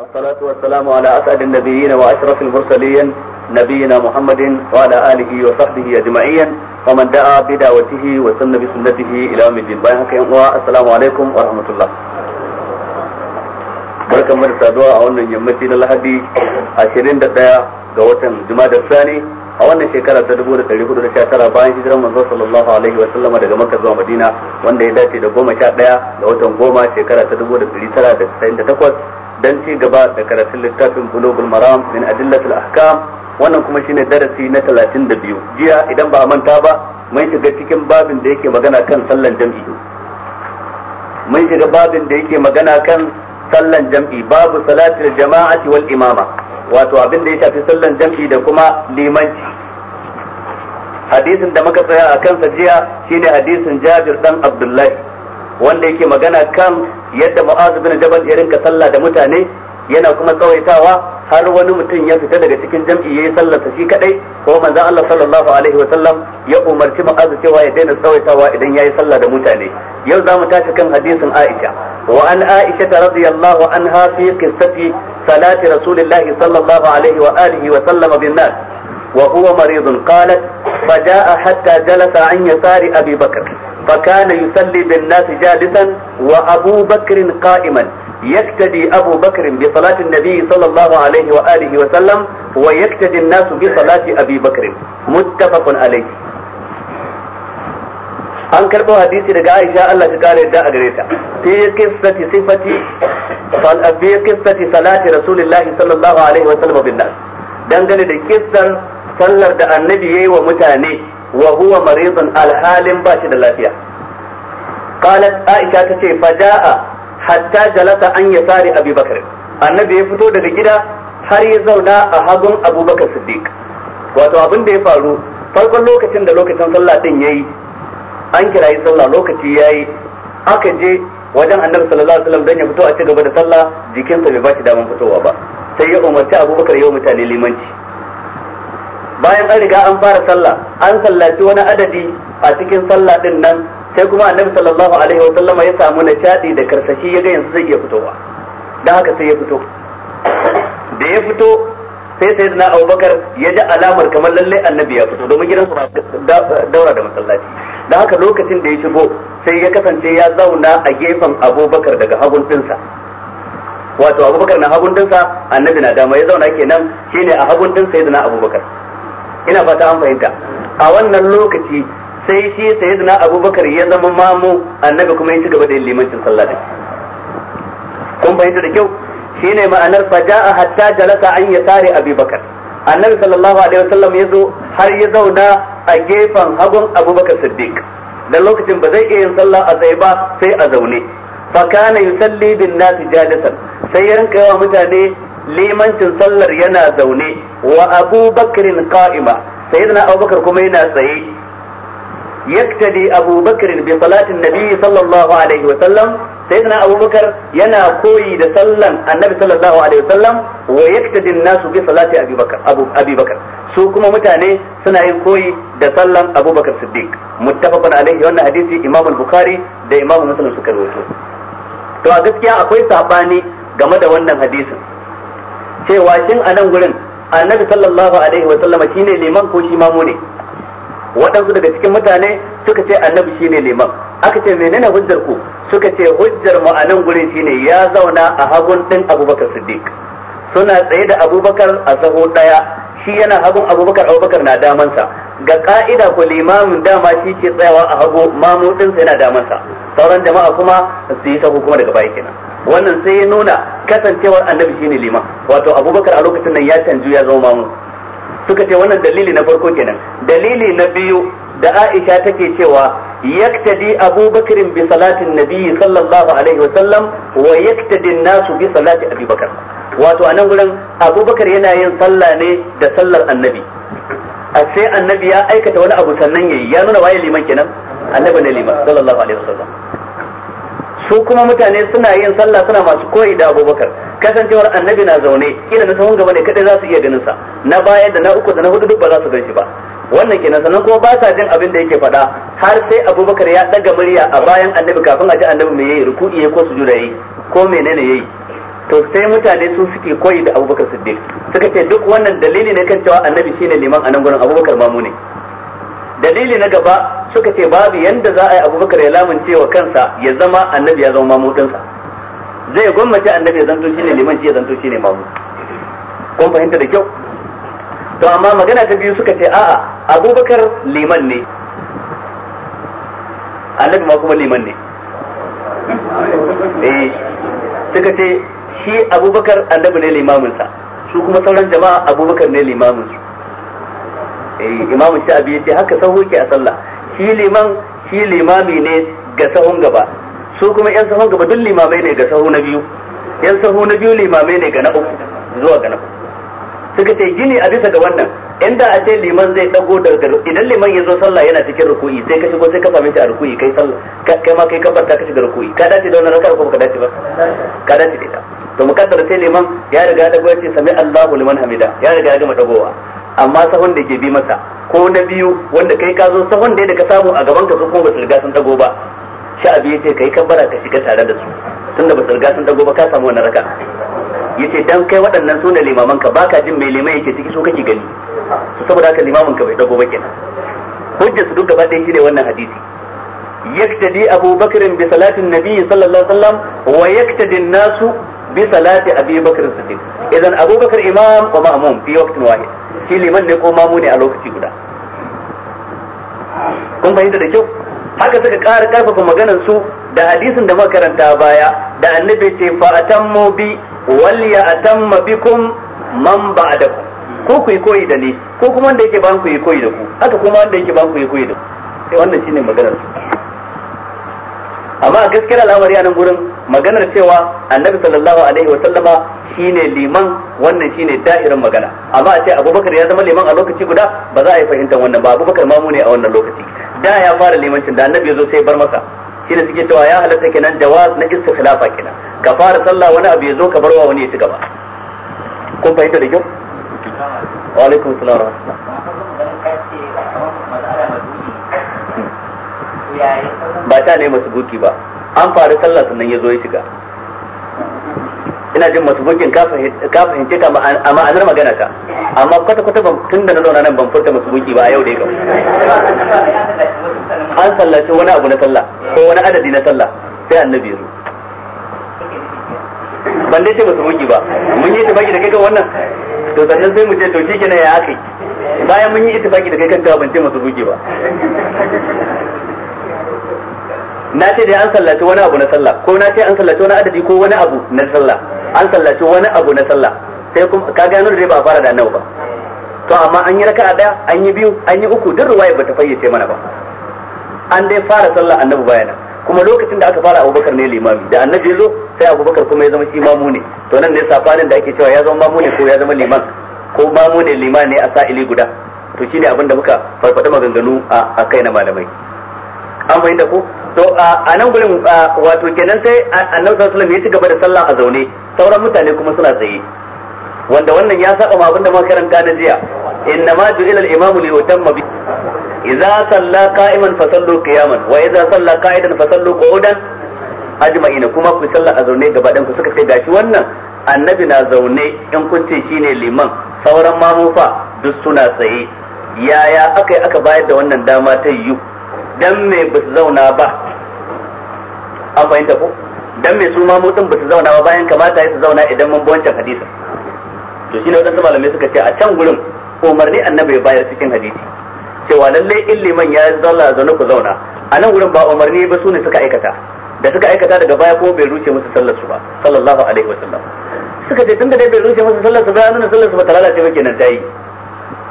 الصلاة والسلام على أسعد النبيين وأشرف المرسلين نبينا محمد وعلى آله وصحبه أجمعين ومن دعا بدعوته وسن بسنته إلى يوم الدين السلام عليكم ورحمة الله barkan mu da saduwa a wannan yammaci na lahadi 21 ga watan jumada sani a wannan shekara ta 1419 bayan hijirar manzo sallallahu alaihi wa sallama daga makka zuwa madina wanda ya dace da 11 ga watan goma shekara ta dan ci gaba da karatun littafin bulogul maram min adillatul ahkam wannan kuma shine darasi na 32 jiya idan ba a manta ba mun shiga cikin babin da yake magana kan sallan jam'i mun shiga babin da yake magana kan sallan jam'i babu salatul jama'ati wal imama wato abin da ya shafi sallan jam'i da kuma limanci hadisin da muka tsaya a kansa jiya shine hadisin Jabir dan Abdullahi wanda yake magana kan yadda mu'azu bin jabal ya rinka sallah da mutane yana kuma tsawaitawa har wani mutum ya fita daga cikin jam'i yayi sallar shi kadai ko manzo Allah sallallahu alaihi wa sallam ya umarci mu'azu cewa ya daina tsawaitawa idan yayi sallah da mutane yau zamu tashi kan hadisin Aisha wa an Aisha radiyallahu anha fi qissati salati rasulillahi sallallahu alaihi wa alihi wa sallam bin nas وهو مريض قالت فجاء حتى جلس عن يسار أبي بكر فكان يصلي بالناس جالسا وأبو بكر قائما يقتدي أبو بكر بصلاة النبي صلى الله عليه وآله وسلم ويقتدي الناس بصلاة بكر متفق عليه an karɓo hadisi daga Aisha Allah ta kare da a gare ta fi qissati sifati fi qissati salati sallallahu alaihi wa sallam bin nas dangane da kissar sallar da annabi yayi wa mutane wa huwa maridun alhalin ba shi da lafiya qalat aisha tace faja'a hatta jalata an yasari sare annabi ya fito daga gida har ya zauna a hagun abubakar siddiq wato abin da ya faru farkon lokacin da lokacin sallah din yayi an kira yi sallah lokaci yayi aka je wajen annabi sallallahu alaihi wasallam dan ya fito a ci gaba da sallah jikinsa bai ba daman fitowa ba sai ya umarci abubakar yau mutane limanci bayan an riga an fara sallah an sallaci wani adadi a cikin sallah din nan sai kuma annabi sallallahu alaihi wa sallama ya samu na nishadi da karsashi ya ga yanzu zai iya fitowa dan haka sai ya fito da ya fito sai sai na abubakar ya ji alamar kamar lallai annabi ya fito domin gidansu ba daura da masallaci da haka lokacin da ya shigo sai ya kasance ya zauna a gefen abubakar daga hagun dinsa wato abubakar na hagun dinsa annabi na dama ya zauna kenan shine a hagun dinsa ya na abubakar ina fata an fahimta a wannan lokaci sai shi na abubakar ya zama mamu annabi kuma ya ci gaba da limancin sallah din kun fahimta da kyau shine ma'anar faja'a hatta jalasa an tare abubakar annabi sallallahu alaihi wasallam ya zo har ya zauna a gefen hagun abubakar siddiq Da lokacin ba zai iya yin sallah a tsaye ba sai a zaune fa kana yusalli bin nasi jalisan sai ya rinka yawa mutane limancin sallar yana zaune wa abu bakrin qa'ima sayyidina abubakar kuma yana tsaye yaktadi abu bakrin bi salatin nabi sallallahu alaihi wa sallam sayyidina abubakar yana koyi da sallan annabi sallallahu alaihi wa sallam wa yaktadi nasu bi salati abubakar abu abubakar su kuma mutane suna yin koyi da sallan abubakar siddiq muttafaqun alaihi wannan hadisi imam al-bukhari da imam muslim suka rawaito to a gaskiya akwai sabani game da wannan hadisin cewa shin a nan gurin annabi sallallahu alaihi wa sallama shine liman ko shi mamu ne waɗansu daga cikin mutane suka ce annabi shine liman aka ce menene hujjar ku suka ce hujjar mu a nan gurin shine ya zauna a hagun din abubakar siddiq suna tsaye da abubakar a sahu ɗaya shi yana hagun abubakar abubakar na damansa ga ka'ida ko limamin dama shi ke tsayawa a hagu mamu sa yana damansa sauran jama'a kuma su yi sahu kuma daga baya kenan wannan sai ya nuna kasancewar annabi shine liman wato abubakar a lokacin nan ya canju ya zama mamu suka ce wannan dalili na farko kenan dalili na biyu da aisha take cewa yaktadi abubakar bi salatin nabi sallallahu alaihi wa sallam wa yaktadi nasu bi salati abubakar wato a nan gurin abubakar yana yin sallah ne da sallar annabi a sai annabi ya aikata wani abu sannan yayi ya nuna waye liman kenan annabi ne liman sallallahu alaihi wa sallam su kuma mutane suna yin sallah suna masu koyi da abubakar kasancewar annabi na zaune kila na sahun gaba ne kadai za su iya ganin sa na baya da na uku da na hudu duk ba za su gan shi ba wannan kenan sannan kuma ba sa jin abin da yake faɗa har sai abubakar ya ɗaga murya a bayan annabi kafin a ji annabi mai yayi ruku'i yayi ko sujuda yayi ko menene yayi to sai mutane su suke koyi da abubakar siddiq suka ce duk wannan dalili ne kan cewa annabi shine liman a nan gurin abubakar mamu ne dalili na gaba suka ce babu yanda za a yi abubakar ya lamunce wa kansa ya zama annabi ya zama mamudinsa zai gwammace annabi ya zanto shine liman shi ya zanto shine mamu kun fahimta da kyau to amma magana ta biyu suka ce a'a abubakar liman ne annabi ma kuma liman ne eh suka ce shi abubakar annabi ne limaminsa su kuma sauran jama'a abubakar ne limaminsu Eh, imam sha'abi yace haka sahu yake a sallah shi liman shi limami ne ga sahun gaba su kuma yan sahun gaba duk limamai ne ga sahu na biyu yan sahu na biyu limamai ne ga na uku zuwa ga na uku suka ce gini a bisa ga wannan inda a ce liman zai dago daga idan liman ya zo sallah yana cikin ruku'i sai ka shigo sai ka same shi a ruku'i kai sallah kai ma kai kafarta ka shiga ruku'i ka dace da wannan raka'a ko ka dace ba ka dace da ita to mukaddara sai liman ya riga ya dago ya ce sami Allahu liman hamida ya riga ya gama dagowa amma sahun da ke bi masa ko na biyu wanda kai ka zo sahun da ka samu a gaban ka su ko basu riga sun dago ba sha'abi yace kai kabbara ka shiga tare da su tunda basu riga sun dago ba ka samu wannan raka yace dan kai waɗannan sune limaman ka baka jin mai limai yake ciki so kake gani to saboda haka limamin ka bai dago ba kenan hujja su duk gaba ɗaya shine wannan hadisi yaktadi Abu Bakr bi salatin Nabi sallallahu alaihi wasallam wa yaktadi an-nasu bi salati Abi Bakr as-Siddiq idan Abu Bakr imam wa ma'mum fi waqtin wahid shi liman ne ko mamu ne a lokaci guda kun fahimta da kyau haka suka ƙara ƙarfafa maganar su da hadisin da makaranta baya da annabi ce fa atammu bi wal ya atamma bikum man ba'dakum ko ku yi koyi da ni ko kuma wanda yake ban ku yi koyi da ku haka kuma wanda yake ban ku yi koyi da ku sai wannan shine maganar su amma a gaskiya al'amari a nan gurin maganar cewa annabi sallallahu alaihi wa sallama shine liman wannan shine da'irin magana amma a ce abubakar ya zama liman a lokaci guda ba za a yi fahimtar wannan ba abubakar mamu ne a wannan lokaci da ya fara limancin da annabi ya zo sai bar masa shine suke cewa ya halatta kenan jawaz na istikhlafa kenan ka fara sallah wani abu ya zo ka barwa wani ya ci gaba kun fahimta da kyau wa alaikum wa rahmatullah ba ta ne buki ba an faru sallah sannan ya zo ya shiga ina jin bukin ka fahimce ka a ma'anar magana ta amma kwata kwata ban tun da na zauna nan ban furta buki ba a yau da ya an sallaci wani abu na sallah ko wani adadi na sallah sai annabi ya ban dai ce buki ba mun yi tabaki da kai kan wannan to sannan sai mu ce to shi shikenan ya akai bayan mun yi tabaki da kai kan ban ce buki ba na ce dai an sallaci wani abu na sallah ko na ce an sallaci wani adadi ko wani abu na sallah an sallaci wani abu na sallah sai kuma ka gano da dai ba fara da annabi ba to amma an yi a daya an yi biyu an yi uku duk ruwaya bata fayyace mana ba an dai fara sallah annabi bayana kuma lokacin da aka fara abubakar ne limami da annabi zo sai abubakar kuma ya zama shi mamu ne to nan ne safanin da ake cewa ya zama mamu ne ko ya zama liman ko mamu ne liman ne a sa'ili guda to shine abin da muka farfaɗa maganganu a kai na malamai an fahimta ko to a nan gurin wato kenan sai annabi sallallahu alaihi ya ci gaba da sallah a zaune sauran mutane kuma suna tsaye wanda wannan ya saba ma abinda makaranta na jiya inna ma ju'ila al-imamu li yutamma bi idza salla qa'iman fa sallu qiyaman wa idza salla qa'idan fa sallu qu'udan ajma'ina kuma ku sallah a zaune gaba ɗan ku suka ce gashi wannan annabi na zaune in kun ce shine liman sauran mufa duk suna tsaye yaya aka yi aka bayar da wannan dama ta yiwu dan me ba zauna ba an fahimta ko dan me suma mutum ba su zauna ba bayan kamata ya su zauna idan mun wancan hadisi to shine wadansu malamai suka ce a can gurin umarni annabi ya bayar cikin hadisi cewa lallai illiman ya zauna zaune ku zauna a nan gurin ba umarni ba su ne suka aikata da suka aikata daga baya kuma bai rushe musu sallar su ba sallallahu alaihi wasallam suka ce tunda dai bai rushe musu sallar su ba ya nuna sallar su ba ta lalace ba kenan ta yi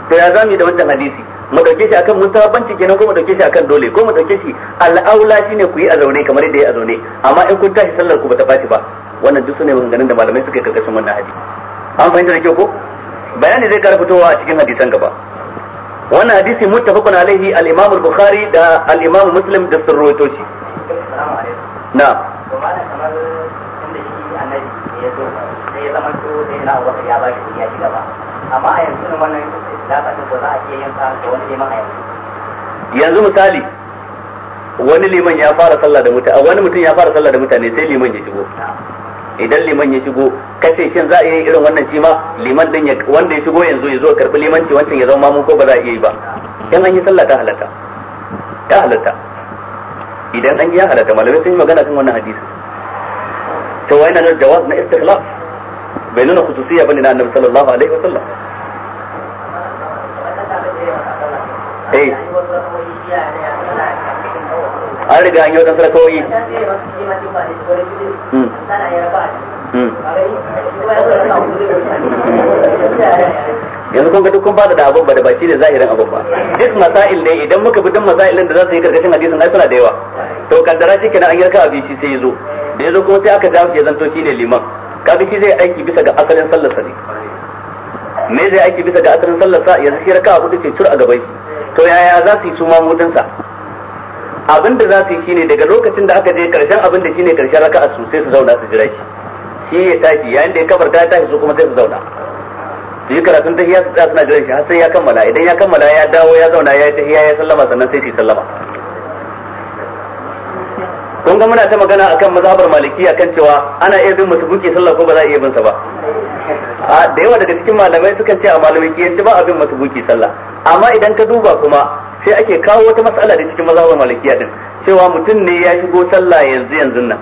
to ya zamu yi da wancan hadisi mu dauke shi akan banci kenan ko mu dauke shi akan dole ko mu dauke shi al'aula shine ku yi a zaune kamar yadda ya a zaune amma in kun tashi sallar ku bata faci ba wannan duk sune maganganun da malamai suka yi karkashin wannan hadisi an fahimta da kyau ko bayani zai kara fitowa a cikin hadisan gaba wannan hadisi muttafaqun alaihi al-Imam al-Bukhari da al-Imam Muslim da sun shi na kamar amma a yanzu ne wannan dafa ba za a iya yin sa da wani liman a yanzu yanzu misali wani liman ya fara sallah da mutane wani mutum ya fara sallah da mutane sai liman ya shigo idan liman ya shigo kace shin za a iya irin wannan shi ma liman din wanda ya shigo yanzu ya zo karbi limanci wancan ya zama mamu ko ba za a iya yi ba Idan an yi sallah ta halatta ta halatta idan an yi halatta malamai sun yi magana kan wannan hadisi to wai na jawab na istikhlaf bai nuna kutusiya bane na annabi sallallahu alaihi wasallam eh an riga an yi wadansu rakawoyi hmm. Hmm. yanzu kun ga duk kun bada da abubuwa ba da baki da zahirin abubuwa. duk masail ne idan muka bi duk masailin da za su yi karkashin hadisin ai suna da yawa to kaddara shi kenan an yarka abin shi sai ya zo da ya zo kuma sai aka ja shi ya zanto shi ne liman kaga shi zai aiki bisa ga asalin sallarsa ne me zai aiki bisa ga asalin sallarsa yanzu shi raka'a hudu ce tur a gaban shi to yaya za su yi su mutunsa? abin da za su yi shine daga lokacin da aka je karshen abin da shine karshen raka'a su sai su zauna su jira shi shi ya tashi yayin da ya kafar ta tashi su kuma sai su zauna su yi karatun tahiya su tsaya suna jiran shi har sai ya kammala idan ya kammala ya dawo ya zauna ya yi tahiya ya sallama sannan sai su sallama kun ga muna ta magana akan mazhabar maliki kan cewa ana iya bin buki sallah ko ba za a iya bin sa ba a da yawa daga cikin malamai sukan ce a malamai ba a bin abin buki sallah amma idan ka duba kuma sai ake kawo wata matsala da cikin mazhabar malikiya din cewa mutum ne ya shigo sallah yanzu yanzu nan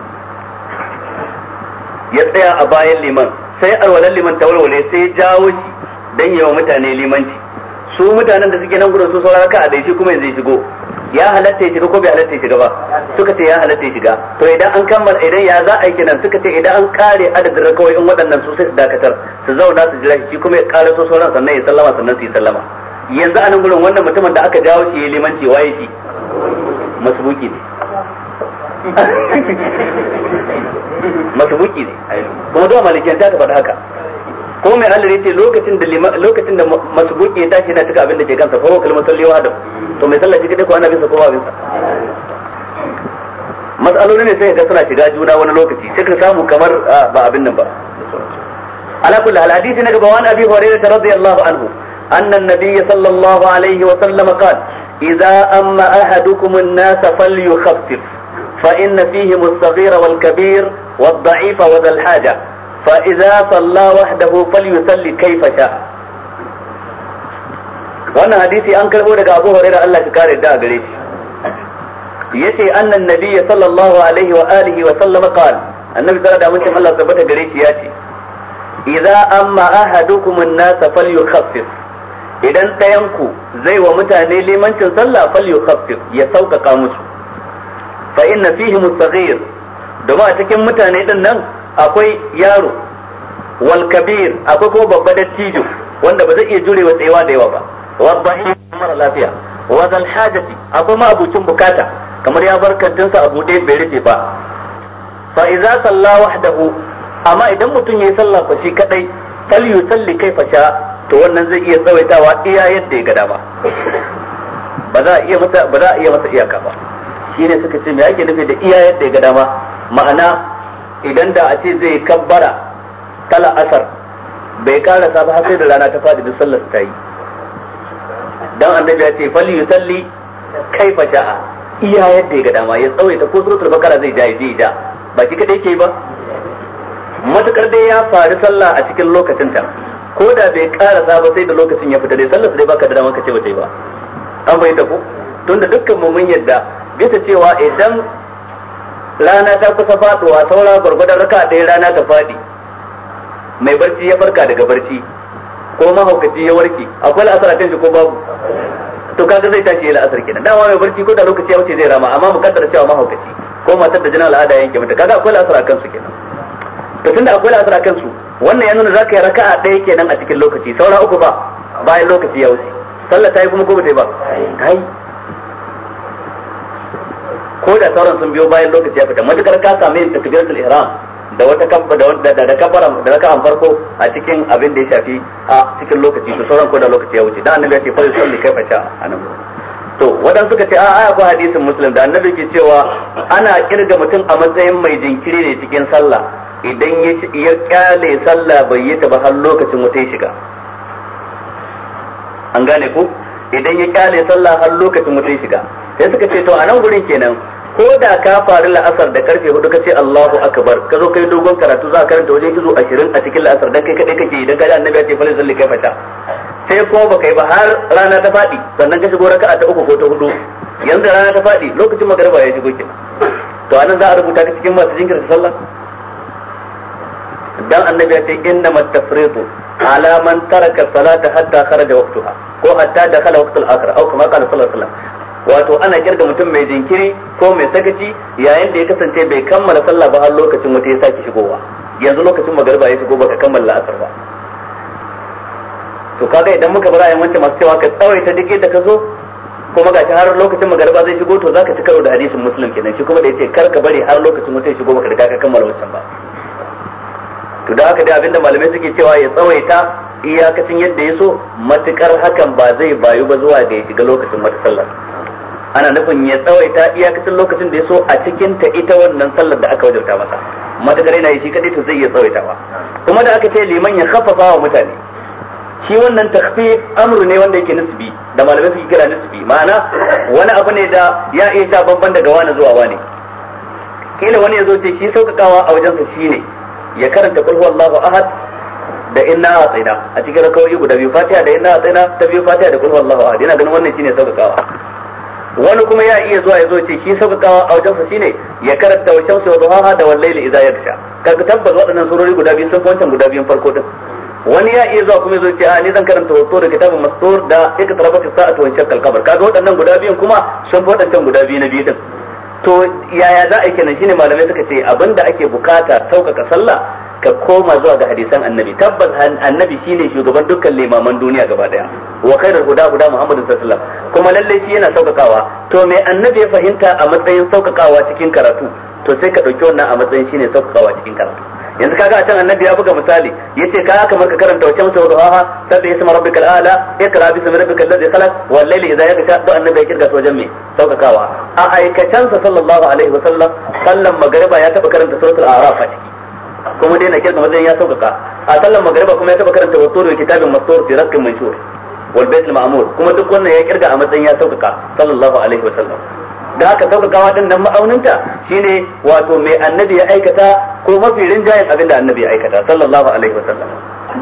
ya tsaya a bayan liman sai alwalan liman ta walwale sai ya jawo shi dan yawa mutane limanci su mutanen da suke nan gudun su sauraka a dai shi kuma yanzu ya shigo ya halatta ya shiga ko bai halatta ya shiga ba suka ce ya halatta ya shiga to idan an kammala idan ya za a yi kenan suka ce idan an kare adadin rakawai in waɗannan su sai su dakatar su zauna su jira shi kuma ya kare so sauran sannan ya sallama sannan su yi sallama yanzu a nan gurin wannan mutumin da aka jawo shi ya limanci waye shi masbuki ne masbuki ne kuma zuwa malikiyar ta faɗa haka ko mai hadari ce lokacin da lokacin da masbuki ya tashi yana tuka abin da ke kansa fa wakil salli wa adam to mai sallah shi kadai ko ana sa ko ba sa mas'aloli ne sai ga suna shiga juna wani lokaci sai ka samu kamar ba abin nan ba ala kulli hal hadisi na gaba wani abi hurairah radiyallahu anhu anna an sallallahu alaihi wa sallam qala idza amma ahadukum an-nas falyukhaffif fa inna fihim as-saghira wal-kabir wad-da'ifa wa dhal-haja fa idza salla wahdahu falyusalli kayfa sha wannan hadisi an karbo daga Abu Hurairah Allah shi kare da gare shi yace annan nabiyyi sallallahu alaihi wa alihi wa sallama qala annabi sallallahu alaihi wa sallam Allah tabbata gare shi yace idza amma ahadukum an-nas falyukhaffif idan tayanku zai wa mutane limancin sallah falyukhaffif ya sauƙaƙa musu fa inna fihi mustaghir domin a cikin mutane din nan akwai yaro wal kabir akwai kuma babba dattijo wanda ba zai iya jurewa tsayawa da yawa ba wadda mara lafiya wazal hajati akwai ma abucin bukata kamar ya bar kantinsa a buɗe bai rufe ba fa idza salla wahdahu amma idan mutum yayi sallah fa shi kadai fal yusalli kaifa sha to wannan zai iya tsawaitawa iya yadda ya ga dama ba za a iya masa ba za iya masa iyaka ba shine suka ce me yake nufi da iya yadda ya ga dama ma'ana idan da a ce zai kabbara tala asar bai karasa ba sai da rana ta fadi duk sallar ta yi dan annabi ya ce falli yusalli kaifa sha'a iya yadda ya ga dama ya ta ko suratul bakara zai ja zai ja ba shi kadai ke ba matukar dai ya faru sallah a cikin lokacin ta ko da bai karasa ba sai da lokacin ya fita dai sallar dai baka da dama ka ce ba ba an bai ta ko tunda dukkan mu mun yadda bisa cewa idan rana ta kusa faɗuwa saura gwargwadon raka ɗaya rana ta faɗi mai barci ya farka daga barci ko mahaukaci ya warke akwai la'asar a shi ko babu to kaga zai tashi ya la'asar kenan dama mai barci ko da lokaci ya wuce zai rama amma mu kaddara cewa mahaukaci ko matar da jinin al'ada yanke mata kaga akwai la'asar a kansu kenan to tunda akwai la'asar a kansu wannan ya nuna za ka yi a ɗaya kenan a cikin lokaci saura uku ba bayan lokaci ya wuce sallah ta yi kuma ko ba ta yi ba ko da sauran sun biyo bayan lokaci ya fita matukar ka same takbiratul ihram da wata kabba da da da kabbara da raka'an farko a cikin abin da ya shafi a cikin lokaci to sauran ko da lokaci ya wuce dan annabi ya ce fa yusalli kai fasha anan to wadan suka ce a aya ko hadisin muslim da annabi ke cewa ana kirga mutum a matsayin mai jinkiri ne cikin sallah idan ya kyale sallah bai yi ta ba har lokacin wata ya shiga an gane ku idan ya kyale sallah har lokacin wata ya shiga sai suka ce to a nan gurin kenan ko da ka faru la'asar da karfe hudu ka ce Allahu akbar ka zo kai dogon karatu za a karanta wajen izo ashirin a cikin la'asar dan kai kadai kake idan ka ji annabi ya ce falin salli kai fata sai ko ba kai ba har rana ta faɗi sannan ka shigo raka'a ta uku ko ta hudu yanzu rana ta faɗi lokacin magariba ya shigo kenan to anan za a rubuta ka cikin masu jinkirta sallah dan annabi ya ce ma tafriqu ala man taraka salata hatta kharaja waqtaha ko hatta dakhala waqtul akhir au kama qala sallallahu alaihi wasallam wato ana kirga mutum mai jinkiri ko mai sakaci yayin da ya kasance bai kammala sallah ba har lokacin wata ya sake shigowa yanzu lokacin magariba ya shigo baka kammala asar ba to kaga idan muka bar ayan wancan masu cewa ka tsawaita duk yadda ka zo kuma ga har lokacin magariba zai shigo to zaka ci karo da hadisin musulun kenan shi kuma da yace kar ka bari har lokacin wata ya shigo baka riga ka kammala wancan ba to da haka dai abinda malamai suke cewa ya tsawaita iyakacin yadda ya so matukar hakan ba zai bayu ba zuwa da ya shiga lokacin wata sallar ana nufin ya tsawaita iyakacin lokacin da ya so a cikin ta ita wannan sallar da aka wajauta masa matakar yana shi kadai to zai iya tsawaitawa kuma da aka ce liman ya khaffafa wa mutane shi wannan takfi amru ne wanda yake nisbi da malamai suke kira nisbi ma'ana wani abu ne da ya iya sha babban daga wani zuwa wani kila wani ya zo ce shi saukakawa a wajensa shine ya karanta kul huwallahu ahad da inna a tsaina a cikin rakawai guda biyu fatiha da inna a tsaina ta biyu fatiha da kul huwallahu ahad yana ganin wannan shine saukakawa wani kuma ya iya zuwa ya zo ce shi sauƙaƙawa a wajensa shine ya karanta wa shamsu wa duhaha da wallaili idza yaksha kaga tabbas waɗannan surori guda biyu sun fi wancan guda biyun farko din wani ya iya zuwa kuma ya zo ce a ni zan karanta wato da kitabun mastur da ika as-sa'atu wa shaqqa al kabar. kaga waɗannan guda biyun kuma sun fi waɗancan guda biyu na biyu din to yaya za a yi kenan shine malamai suka ce abinda ake bukata sauƙaƙa sallah ka koma zuwa ga hadisan annabi tabbas annabi shine shugaban dukkan limaman duniya gaba daya wa khairul huda huda muhammadun sallallahu alaihi wasallam kuma lalle shi yana saukakawa to me annabi ya fahimta a matsayin saukakawa cikin karatu to sai ka dauki wannan a matsayin shine saukakawa cikin karatu yanzu kaga a can annabi ya buga misali yace ka kamar ka karanta wacan sau da haha sabbi isma rabbikal ala ikra bi ismi rabbikal ladzi khalaq wal layli idha yaghsha to annabi ya kirga sojan me saukakawa a aikatansa sallallahu alaihi wasallam sallan magariba ya taba karanta suratul a'raf a ciki kuma dai na kirga matsayin ya sauƙaƙa a sallar magariba kuma ya taɓa karanta da kitabin masu fi rakkin mai wal baitul ma'mur kuma duk wannan ya kirga a matsayin ya sauƙaƙa sallallahu alaihi wa sallam da haka sauƙaƙawa din nan ma'auninta shine wato mai annabi ya aikata ko mafi rinjayen abin da annabi ya aikata sallallahu alaihi wa sallam.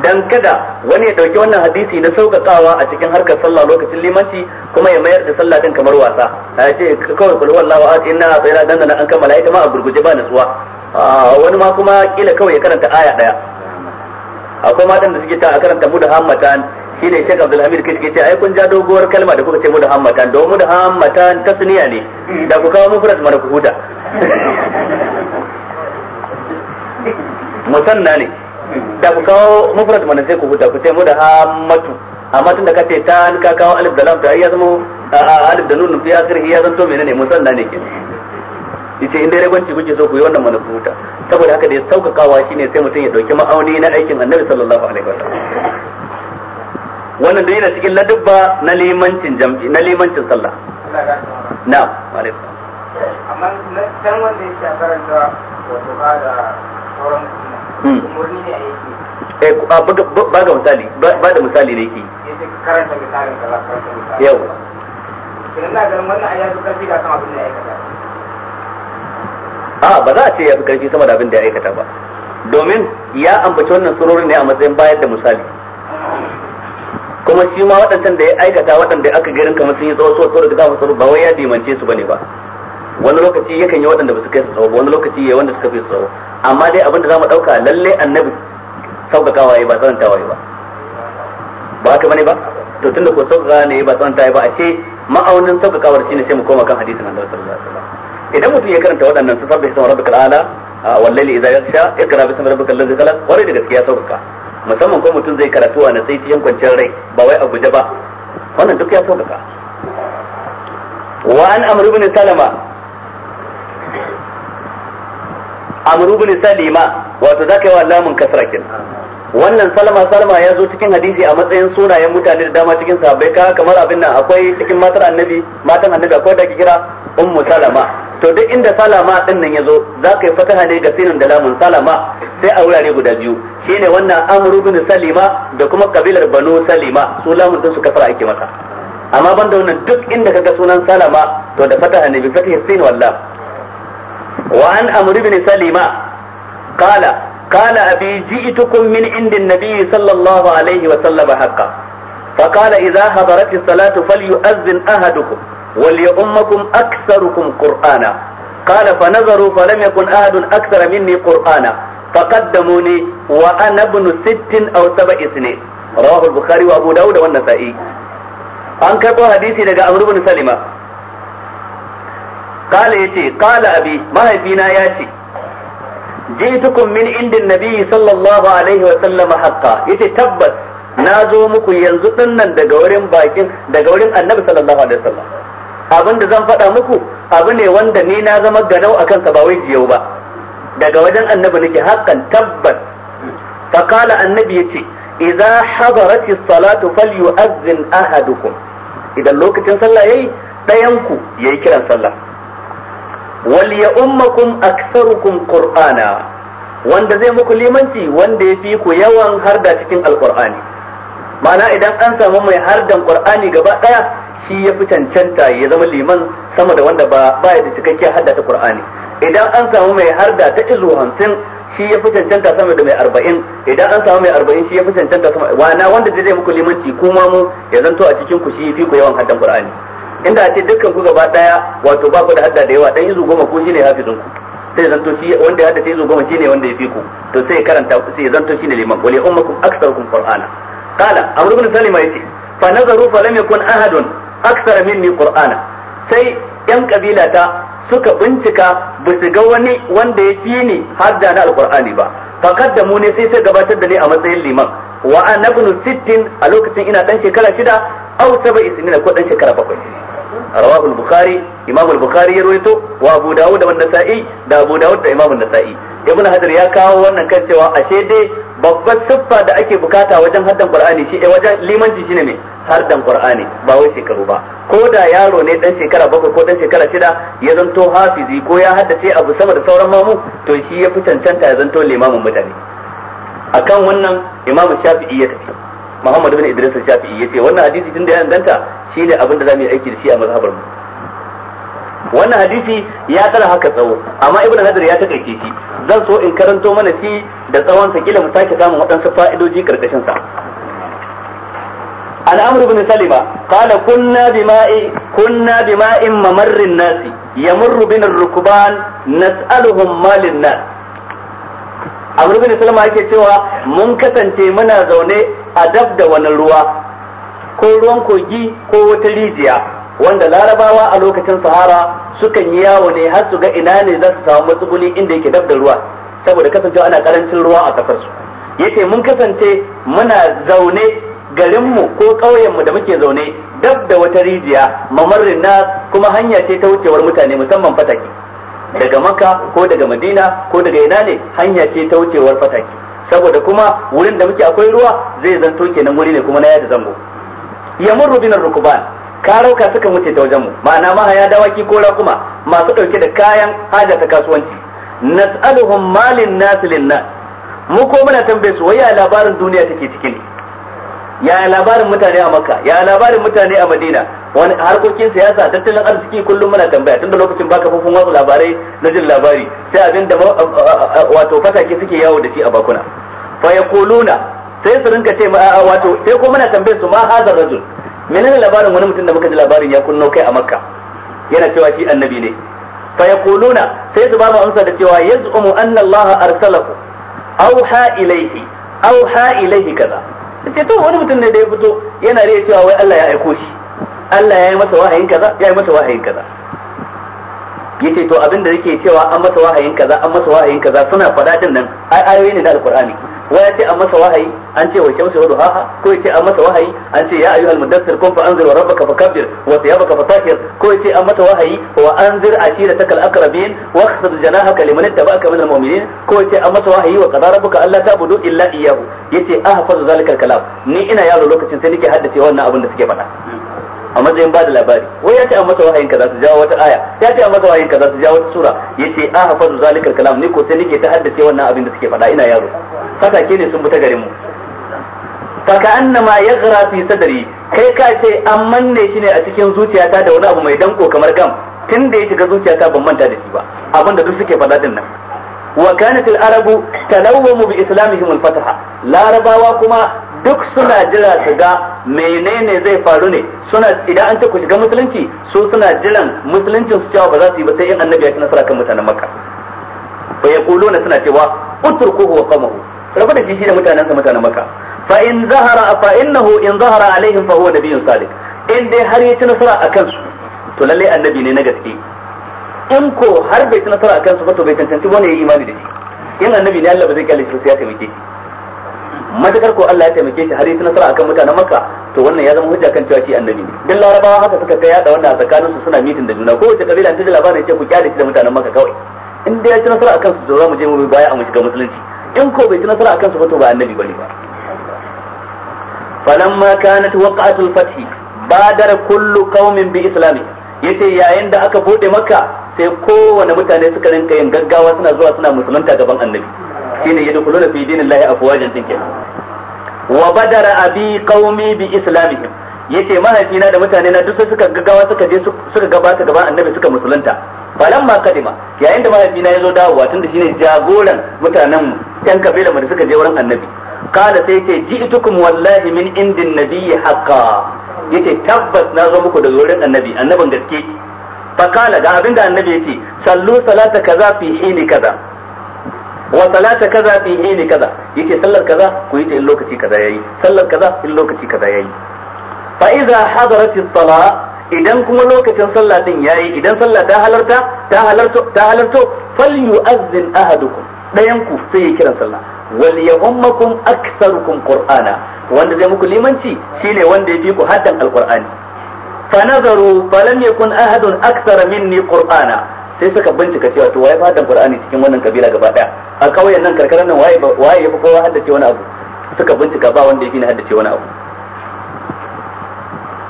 dan kada wani ya dauki wannan hadisi na sauƙaƙawa a cikin harkar sallah lokacin limanci kuma ya mayar da sallah din kamar wasa a ce kawai kullu wallahu a inna a dan nan an kammala ita ma a gurguje ba nasuwa Ah, wani ma kuma kila kawai ya karanta aya daya akwai matan da suke ta a karanta shi ne shek Abdul Hamid suke ce ai kun ja doguwar kalma da kuka ce mu da hammatan don ta tasniya ne da ku kawo mufrad mana ku huta musanna ne da ku kawo mufrad mana sai ku huta ku ce mu da hammatu. amma tun da kace ta ka kawo alif da lam da ya zama alif da nun fi akhirih ya zanto menene musanna ne kenan yace in dai ragwanci kuke so ku yi wannan mana huta saboda haka da ya saukakawa shine sai mutum ya dauki ma'auni na aikin annabi sallallahu alaihi wasallam wannan dai yana cikin ladabba na limancin jam'i na limancin sallah na'am alaikum amma can wanda yake karanta wato ba da sauran hmm. umurni ne a yake eh, ba da misali ba da misali ne yake yace karanta misalin kaza karanta misalin yawa ina ganin wannan ayatu kafi da kan abin da ya aikata a ba za a ce ya fi karfi sama da abin da ya aikata ba domin ya ambaci wannan surorin ne a matsayin bayar da misali kuma shi ma waɗancan da ya aikata waɗanda aka girin kamar sun yi tsawo tsawo da zama tsaro ba wai ya dimance su bane ba wani lokaci yakan yi waɗanda ba su kai su tsawo ba wani lokaci ya wanda suka fi su tsawo amma dai abin da za mu ɗauka lalle annabi sauƙaƙa waye ba tsananta waye ba ba haka bane ba to tunda ko sauƙaƙa ne ba waye ba a ce, ma'aunin sauƙaƙawar shi ne sai mu koma kan hadisin annabi sallallahu alaihi wasallam idan mutum ya karanta waɗannan su sabbi sama rabbikal ala wallahi idza yaksha ikra bismi rabbikal ladzi khalaq kwarai da gaskiya sauka musamman ko mutum zai karatu a natsai cikin kwanciyar rai ba wai a guje ba wannan duk ya sauka wa an amru ibn salama amr ibn salima wato zaka yi wa lamun kasra kenan wannan salama salama ya zo cikin hadisi a matsayin sunayen mutane da dama cikin sahabbai ka kamar abin nan akwai cikin matar annabi matan annabi akwai da kira ummu salama to duk inda salama din nan ya zo za ka yi fataha ne ga sinin da lamun salama sai a wurare guda biyu shine wannan amru bin salima da kuma kabilar banu salima su lamun din su kasara ake masa amma ban da wannan duk inda kaga sunan salama to da fataha ne bi fatihi sin wallah wa an amru bin salima qala قال أبي جئتكم من عند النبي صلى الله عليه وسلم حقا فقال إذا حضرت الصلاة فليؤذن أحدكم وليؤمكم أكثركم قرآنا قال فنظروا فلم يكن أحد أكثر مني قرآنا فقدموني وأنا ابن ست أو سبع سنين رواه البخاري وأبو داود والنسائي an karɓo hadisi daga Amr ibn Salima qala yace qala abi mahaifina ya ce jitukum min indin nabi sallallahu alaihi wa sallam haqqa yace tabbas na zo muku yanzu dinnan daga wurin bakin daga wurin annabi sallallahu alaihi abin da zan faɗa muku abu ne wanda ni na zama ganau akan sa ba wai ba daga wajen annabi nake hakan tabbas fa kala annabi yace idza hadarati salatu falyu'azzin ahadukum idan lokacin sallah yayi dayan ku yayi kiran sallah wal ya ummakum aktsarukum qur'ana wanda zai muku limanci wanda ya fi ku yawan harda cikin alqur'ani ma'ana idan an samu mai hardan qur'ani gaba daya shi ya fi cancanta ya zama liman sama da wanda ba ya da cikakken harda ta qur'ani idan an samu mai harda ta izu hamsin shi ya fi cancanta sama da mai arba'in idan an samu mai arba'in shi ya fi cancanta sama wana wanda zai muku limanci kuma mu ya zanto a cikin ku shi fi ku yawan haddan qur'ani inda a ce dukkan ku gaba daya wato ba ku da hadda da yawa dan izu goma ko shine hafizun ku sai zanto shi wanda ya hadda sai izu goma shine wanda ya fi ku to sai karanta sai zanto shine liman wali ummakum aktsarukum qur'ana qala amr ibn salima yace fa nazaru fa lam yakun ahadun aktsara minni qur'ana sai yan kabila ta suka bincika ba su ga wani wanda ya fi ni hadda na alqur'ani ba fa qaddamu ne sai sai gabatar da ni a matsayin liman wa ana ibn sittin a lokacin ina dan shekara shida aw sab'i sinina ko dan shekara bakwai رواه البخاري bukhari imam al-bukhari ya rawaito wa abu dawud da nasa'i da abu dawud da imam nasa'i ya kawo wannan kan cewa ashe dai babbar siffa da ake bukata wajen haddan qur'ani shi wajen limanci shine me haddan qur'ani ba wai shekaru ba ko da yaro ne dan shekara bakwai ko dan shekara shida ya zanto hafizi ko ya haddace abu sama da sauran mamu to shi ya fi cancanta ya zanto limamin mutane akan wannan imam shafi'i ya tafi Muhammad bin Idris al-Shafi'i yace wannan hadisi tun da ya inganta shine abin da zamu yi aiki da shi a mazhabar mu wannan hadisi ya tsara haka tsawo amma ibn hajar ya takaice shi zan so in karanto mana shi da tsawon sa kila mu sake samun waɗansu fa'idoji karkashin sa an amr ibn salima qala kunna bima'i kunna bima'in mamarrin nasi yamurru bina rukban nas'aluhum malin nas amr ibn salima yake cewa mun kasance muna zaune a dab da wani ruwa ko ruwan kogi ko wata rijiya wanda larabawa a lokacin sahara sukan yi yawo ne har su ga ina ne za su samu matsuguni inda yake dab da ruwa saboda kasancewa ana karancin ruwa a kasar su yace mun kasance muna zaune garinmu ko ƙauyenmu da muke zaune dab da wata rijiya mamarin na kuma hanya ce ta wucewar mutane musamman fataki daga makka ko daga madina ko daga ina ne hanya ce ta wucewar fataki saboda kuma wurin da muke akwai ruwa zai zanto kenan wuri ne kuma na yadda zango ya murru bin rukuban karauka suka wuce ta wajenmu ma'ana ya dawaki ko rakuma masu ɗauke da kayan haja ta kasuwanci nas'aluhum malin nas mu ko muna tambaye su waya labarin duniya take ciki ne ya labarin mutane a makka ya labarin mutane a madina wani harkokin siyasa tattalin arziki kullum muna tambaya tunda lokacin baka fufun wasu labarai na jin labari sai abin da wato fatake suke yawo da shi a bakuna fa yaquluna sai su rinka ce wato sai ko muna tambaye su ma hazar rajul menene labarin wani mutum da muka ji labarin ya kunno kai a makka yana cewa shi annabi ne fa yaquluna sai su ba mu amsa da cewa yaz'umu anna allaha arsalahu awha ilayhi awha ilayhi kaza ce to wani mutum ne da ya fito yana riya cewa wai Allah ya aiko shi Allah ya yi masa wahayin kaza ya yi masa wahayin kaza yace to abin abinda yake cewa an masa wahayin kaza an masa wahayin kaza suna faɗa din nan ai ayoyi ne da alqur'ani waya ce an masa wahayi an ce wa shamsu wa duhaha ko ya ce an masa wahayi an ce ya ayyuhal mudaththir qum fa anzir wa rabbaka fakabbir wa thiyabaka fatahhir ko ya ce an masa wahayi wa anzir ashiratakal aqrabin wa khfid janahaka liman ittaba'aka minal mu'minin ko ya ce an masa wahayi wa qadara rabbuka alla ta'budu illa iyyahu yace ahfazu zalikal kalam ni ina yaro lokacin sai nake haddace wannan abin da suke faɗa a matsayin ba da labari wai ya ce an masa wahayin kaza su jawo wata aya ya ce a masa wahayin kaza su jawo wata sura yace a ah, hafazu zalikal kalam ni ko sai nake ta haddace wannan abin da suke faɗa ina yaro ke ne sun bi ta garin an na ma annama zara fi sadari, kai ka ce an manne shi ne a cikin zuciyata da wani abu mai danko kamar gam tun da ya shiga zuciyata ban manta da shi ba abin da duk suke faɗa din nan wa kanat al arabu talawwamu bi islamihim al fataha larabawa kuma duk suna jira su ga menene zai faru ne suna idan an ce ku shiga musulunci su suna jiran musuluncin su cewa ba za su yi ba sai in annabi ya ci nasara kan mutanen makka fa yaquluna suna cewa utrukuhu wa qamahu rabu da shi shi da mutanen sa mutanen maka fa in zahara fa innahu in zahara alaihim fa huwa nabiyyun salih in dai har ya ci nasara akan su to lalle annabi ne na gaske in ko har bai ci nasara akan su ba to bai cancanci wani ya yi imani da shi in annabi ne Allah ba zai kalle shi sai ya taimake shi matakar ko Allah ya taimake shi har yi nasara akan mutanen maka, to wannan ya zama hujja kan cewa shi annabi ne dan larabawa haka suka kai yada wannan a tsakaninsu suna mitin da juna kowace kabila ta ji labarin ce ku kyale shi da mutanen maka kawai in dai ya ci nasara akan su to za mu je mu baya a mu shiga musulunci in ko bai ci nasara a su ba to ba annabi bane ba falamma kanat waqa'atul fath badara kullu qaumin bi islami yace yayin da aka bude makka sai kowane mutane suka rinka yin gaggawa suna zuwa suna musulunta gaban annabi shine yadkhuluna fi dinillahi afwajan tinke wa badara abi qaumi bi islamihim yace mahaifina da mutane na duk suka gaggawa suka je suka gabata gaban annabi suka musulunta falan ma kadima yayin da mahaifina ya zo dawowa tunda shine jagoran mutanen yan kabila da suka je wurin annabi kala sai ce ji'tukum wallahi min indin nabiyyi haqqa yace tabbas na zo muku da wurin annabi annaban gaske fa kala ga abinda annabi yace sallu salata kaza fi hini kaza wa salata kaza fi hini kaza yace sallar kaza ku yi ta in lokaci kaza yayi sallar kaza in lokaci kaza yayi fa idza hadarat as-salah idan kuma lokacin sallah din yayi idan sallah ta halarta ta halarto ta halarto yu'azzin ahadukum dayan ku sai ya kira sallah wal yahummakum aktharukum qur'ana wanda zai muku limanci shine wanda ya fi ku haddan alqur'ani fa nazaru falam yakun ahadun akthar minni qur'ana sai suka bincika cewa to waye fa haddan qur'ani cikin wannan kabila gaba daya a kauyen nan karkaran nan waye waye ya fi kowa haddace wani abu suka bincika ba wanda yafi ni haddace wani abu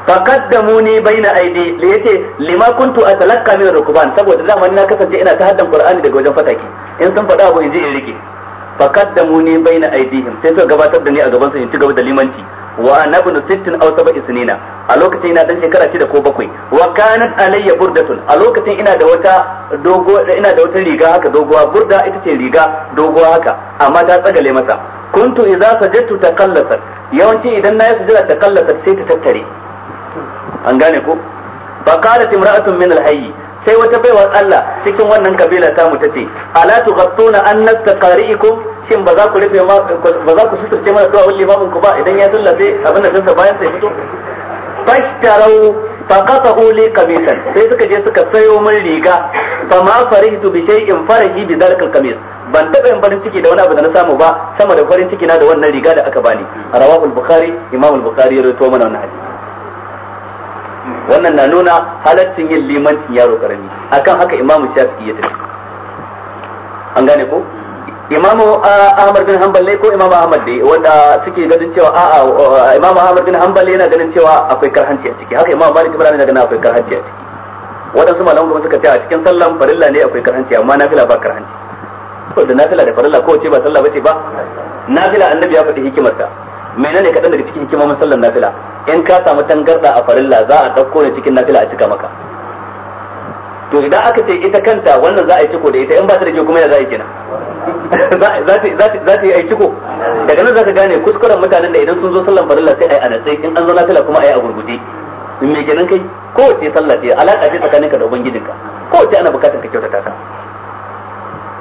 faqaddamuni baina aidi da yace lima kuntu atalaqqa min rukuban saboda zamani na kasance ina ta haddan qur'ani daga wajen fataki in sun faɗa abu in ji in rike faqaddamuni baina aidihim sai suka gabatar da ni a gaban su in ci gaba da limanci wa ana ibn sittin aw sab'i sinina a lokacin ina dan shekara shida ko bakwai wa kanat alayya burdatun a lokacin ina da wata dogo ina da wata riga haka doguwa burda ita ce riga doguwa haka amma ta tsagale masa kuntu idza sajadtu taqallasat yawanci idan na yi sujada taqallasat sai ta tattare an gane ko ba qalat imra'atun min al-hayy sai wata baiwa Allah cikin wannan kabila ta mu tace ala tughattuna an nastaqari'ikum shin ba za ku rufe ma ba za ku suturce mana wani limamin ku ba idan ya sallace abin da kansa bayan sai fito fashtarau faqatahu li qamisan sai suka je suka sayo min riga fa ma farihtu bi shay'in farahi bi dhalika qamis ban taɓa yin farin ciki da wani abu da na samu ba sama da farin ciki na da wannan riga da aka bani rawahul bukhari imamul bukhari ya rawaito mana wannan hadisi wannan na nuna halattun yin limancin yaro karami akan haka imamu shafi'i ya tafi an gane ko imamu ah, ahmad bin hanbal ne ko imamu ahmad dai wanda suke ganin cewa a'a ah, ah, imamu ahmad bin hanbal yana ganin cewa akwai karhanci a ciki haka imamu malik Ibrahim yana ganin akwai karhanci a ciki waɗansu malamu kuma suka ce a cikin sallan farilla ne akwai karhanci amma nafila ba karhanci Na nafila da farilla ce ba sallah bace ba nafila annabi ya faɗi hikimarta menene kaɗan daga cikin hikimomin sallar nafila in ka samu tangarɗa a farilla za a ɗauko ne cikin nafila a cika maka to idan aka ce ita kanta wannan za a yi ciko da ita in ba ta da kuma ya za a yi kina za ta yi ciko? daga nan za ka gane kuskuren mutanen da idan sun zo sallan farilla sai a yi a natsai in an zo nafila kuma a yi a gurguje me kenan kai kowace sallah ce alaƙa ce tsakaninka da ubangijinka kowace ana bukatar ka kyautata ta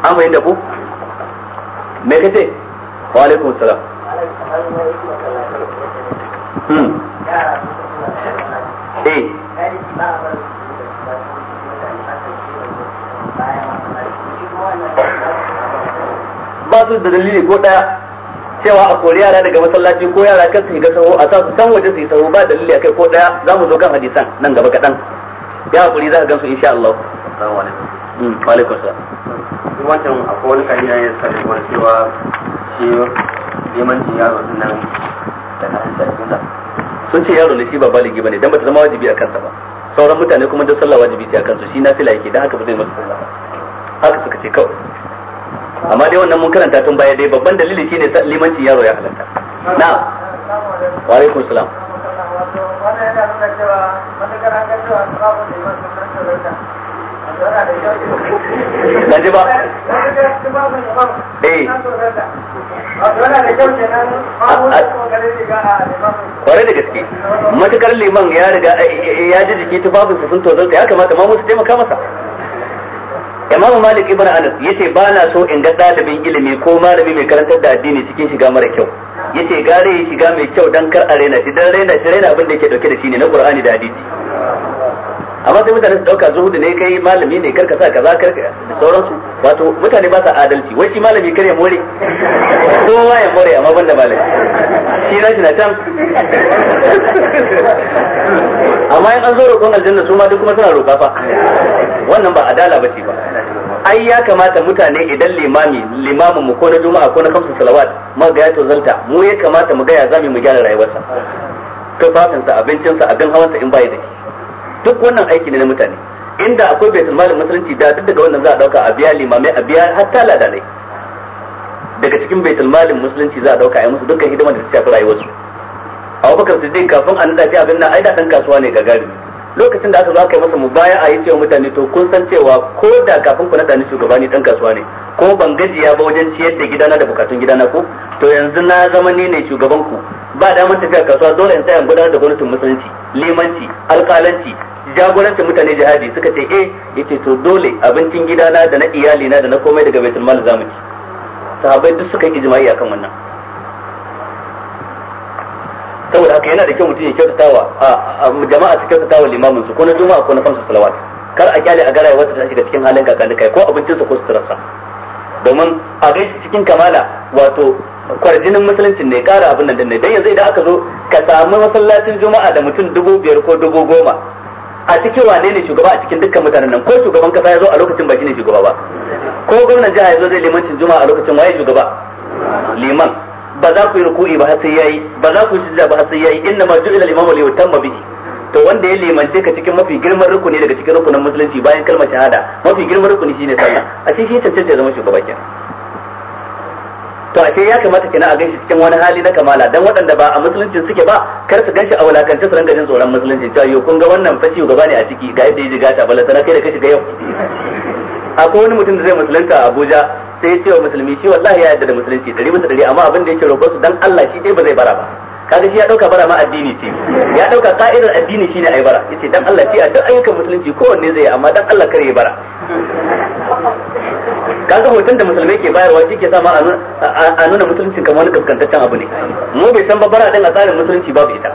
an fahimta ku me kace wa alaikum salam Hmm. Eh. ba su da dalili ko daya cewa a kori yara daga masallaci ko yara kan su yi saho a sa su san waje su yi saho ba dalili akai ko daya za mu zo kan hadisan nan gaba kaɗan ya hakuri za ka gansu insha Allah. Assalamu alaikum. Hmm, wa alaikum salam. Wancan akwai wani kan yayin sa cewa shi limancin yaro din nan sun ce yaro ne shi ba baligi bane dan ba ta zama wajibi a kansa ba sauran mutane kuma duk sallah wajibi ce a kansu shi na nafila yake dan haka ba zai masa sallah haka suka ce kawai amma dai wannan mun karanta tun baya dai babban dalili shine limancin yaro ya halatta na'am wa alaikum salam na ji ba eh kwarai da gaske matukar liman ya riga ya ji jiki tufafinsa sun tozarta ya kamata ma musu taimaka masa imamu malik ibn anas yace ba na so in ga ɗalibin ilimi ko malami mai karantar da addini cikin shiga mara kyau ce gare ya shiga mai kyau dan kar a raina shi dan raina shi raina abin da yake dauke da shi ne na qur'ani da hadisi amma sai mutane su dauka zuhudu ne kai malami ne karka sa kaza karka da sauransu wato mutane ba sa adalci wai shi malami ya more kowa ya more amma banda malami shi na shi na can amma in an zo roƙon aljanna su ma duk kuma suna roƙa fa wannan ba adala ce ba ai ya kamata mutane idan limami limamin mu ko na juma'a ko na kamsu salawat ma ga ya tozalta mu ya kamata mu ga ya zami mu gyara rayuwarsa tufafinsa abincinsa abin hawansa in bai da shi duk wannan aiki ne na mutane inda akwai baitul malin musulunci da duk daga wannan za a dauka a biya limamai a biya hatta ladanai daga cikin baitul malin musulunci za a dauka a yi musu dukkan hidimar da ta shafi rayuwarsu abubakar siddiq kafin an dace abin nan ai da dan kasuwa ne gagari lokacin da aka zo aka yi masa baya a yi wa mutane to kun san cewa ko da kafin ku nada ni shugaba ni dan kasuwa ne ko ban gajiya ba wajen ciyar da gidana da bukatun gidana ko to yanzu na zama ni ne shugaban ku ba damar tafiya kasuwa dole in tsaya gudanar da gwamnatin musulunci limanci alƙalanci jagorancin mutane jihadi suka ce eh yace to dole abincin gidana da na iyalina da na komai daga baitul mal zamu ci sahabbai duk suka yi ijma'i akan wannan saboda haka yana da kyau mutum ya kyautatawa jama'a su kyautatawa limamin su ko na juma'a ko na kamsa salawat kar a kyale a gara wata ta shiga cikin halin kakanni kai ko abincin su ko suturarsa domin a gaishe cikin kamala wato kwarjinin musuluncin ne kara abin nan dinne dan yanzu idan aka zo ka samu masallacin juma'a da mutum dubu biyar ko dubu goma a cikin wane ne shugaba a cikin dukkan mutanen nan ko shugaban kasa ya zo a lokacin ba shine shugaba ba ko gwamnan jiha ya zo zai limancin juma'a a lokacin waye shugaba liman ba za ku yi ruku'i ba har sai yayi ba za ku yi sujja ba har sai yayi inna ma ju'ila al-imamu li yutamma bihi to wanda ya limance ka cikin mafi girman rukuni daga cikin rukunin musulunci bayan kalmar shahada mafi girman rukuni shine sallah a shi cancanta ya zama shugaba ke to ashe ya kamata kina a ganshi cikin wani hali na kamala dan waɗanda ba a musulunci suke ba kar su ganshi a wulakance su ranga jin tsoron musulunci cewa yo kun ga wannan fa shugaba ne a ciki ga yadda ya ji ta bala sana kai da kashi ga yau akwai wani mutum da zai musulunta a Abuja sai ya ce wa musulmi shi wallahi ya yarda da musulunci dari bisa dari amma abin da yake roƙo su dan Allah shi dai ba zai bara ba kaga shi ya dauka bara ma addini ce ya dauka ka'idar addini shine ai bara yace dan Allah ce a duk ayyukan musulunci kowanne zai amma dan Allah kare ya bara kaga hoton da musulmai ke bayarwa shi ke sa ma a nuna musulunci kamar wani kaskantaccen abu ne mu bai san bara din a tsarin musulunci babu ita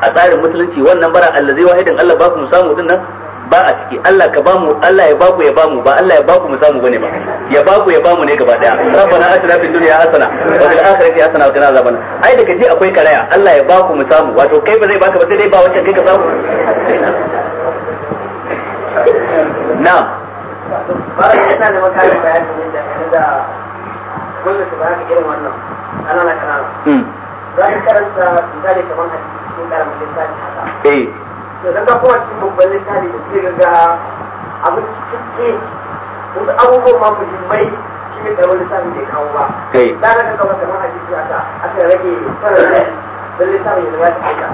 a tsarin musulunci wannan bara Allah zai wahidin Allah ba ku samu din nan ba a ciki Allah ka bamu Allah ya baku ya bamu ba Allah ya baku mu samu bane ba ya baku ya bamu ne gaba daya rabbana atina fid dunya hasana wa fil akhirati hasana wa qina azaban ai daga ji akwai karaya Allah ya baku mu samu wato kai ba zai baka ba sai dai ba wancan kai ka samu na'am ba yana da makari bayani da kullu subhanaka irin wannan ana na kana hmm. za ka karanta misali kamar hadisi cikin karamin lissafi haka eh to don babban littafi da suke ga abin cikakke wasu abubuwan ma muhimmai shi ne littafi da kawo ba kai kama kamar a jiki aka aka rage da littafi da aika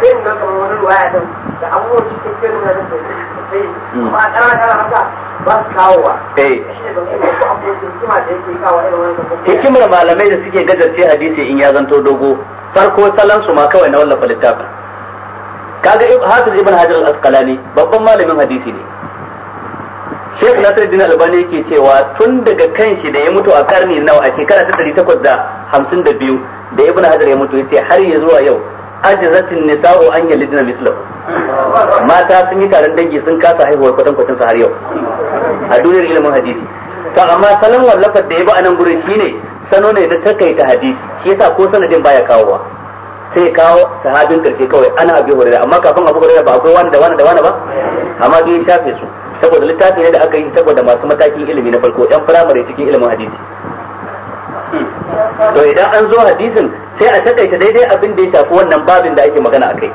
kai kamar wani ya da abubuwan cikakke na da sai amma a haka ba su kawo ba shi ne abubuwan hikima da yake kawo irin wani hikimar malamai da suke gajarce hadisi in ya zanto dogo farko salon su ma kawai na wallafa littafin kaga hafiz ibn hajar al-asqalani babban malamin hadisi ne Sheikh Nasiruddin Albani yake cewa tun daga kanshi da ya mutu a karni nawa a shekara ta 852 da Ibn Hajar ya mutu yace har ya zuwa yau ajzatun nisa'u an yalidna mislahu mata sun yi taron dangi sun kasa haihuwar kwatan kwatan su har yau a duniyar ilimin hadisi to amma salon wallafar da ya ba a nan gurin shine sano ne na takaita hadisi shi yasa ko sanadin baya kawowa sai kawo sahabin karshe kawai ana abi hurairah amma kafin abu hurairah ba akwai wani da wani da wani ba amma ya shafe su saboda littafi ne da aka yi saboda masu matakin ilimi na farko yan firamare cikin ilimin hadisi to idan an zo hadisin sai a takaita daidai abin da ya shafi wannan babin da ake magana akai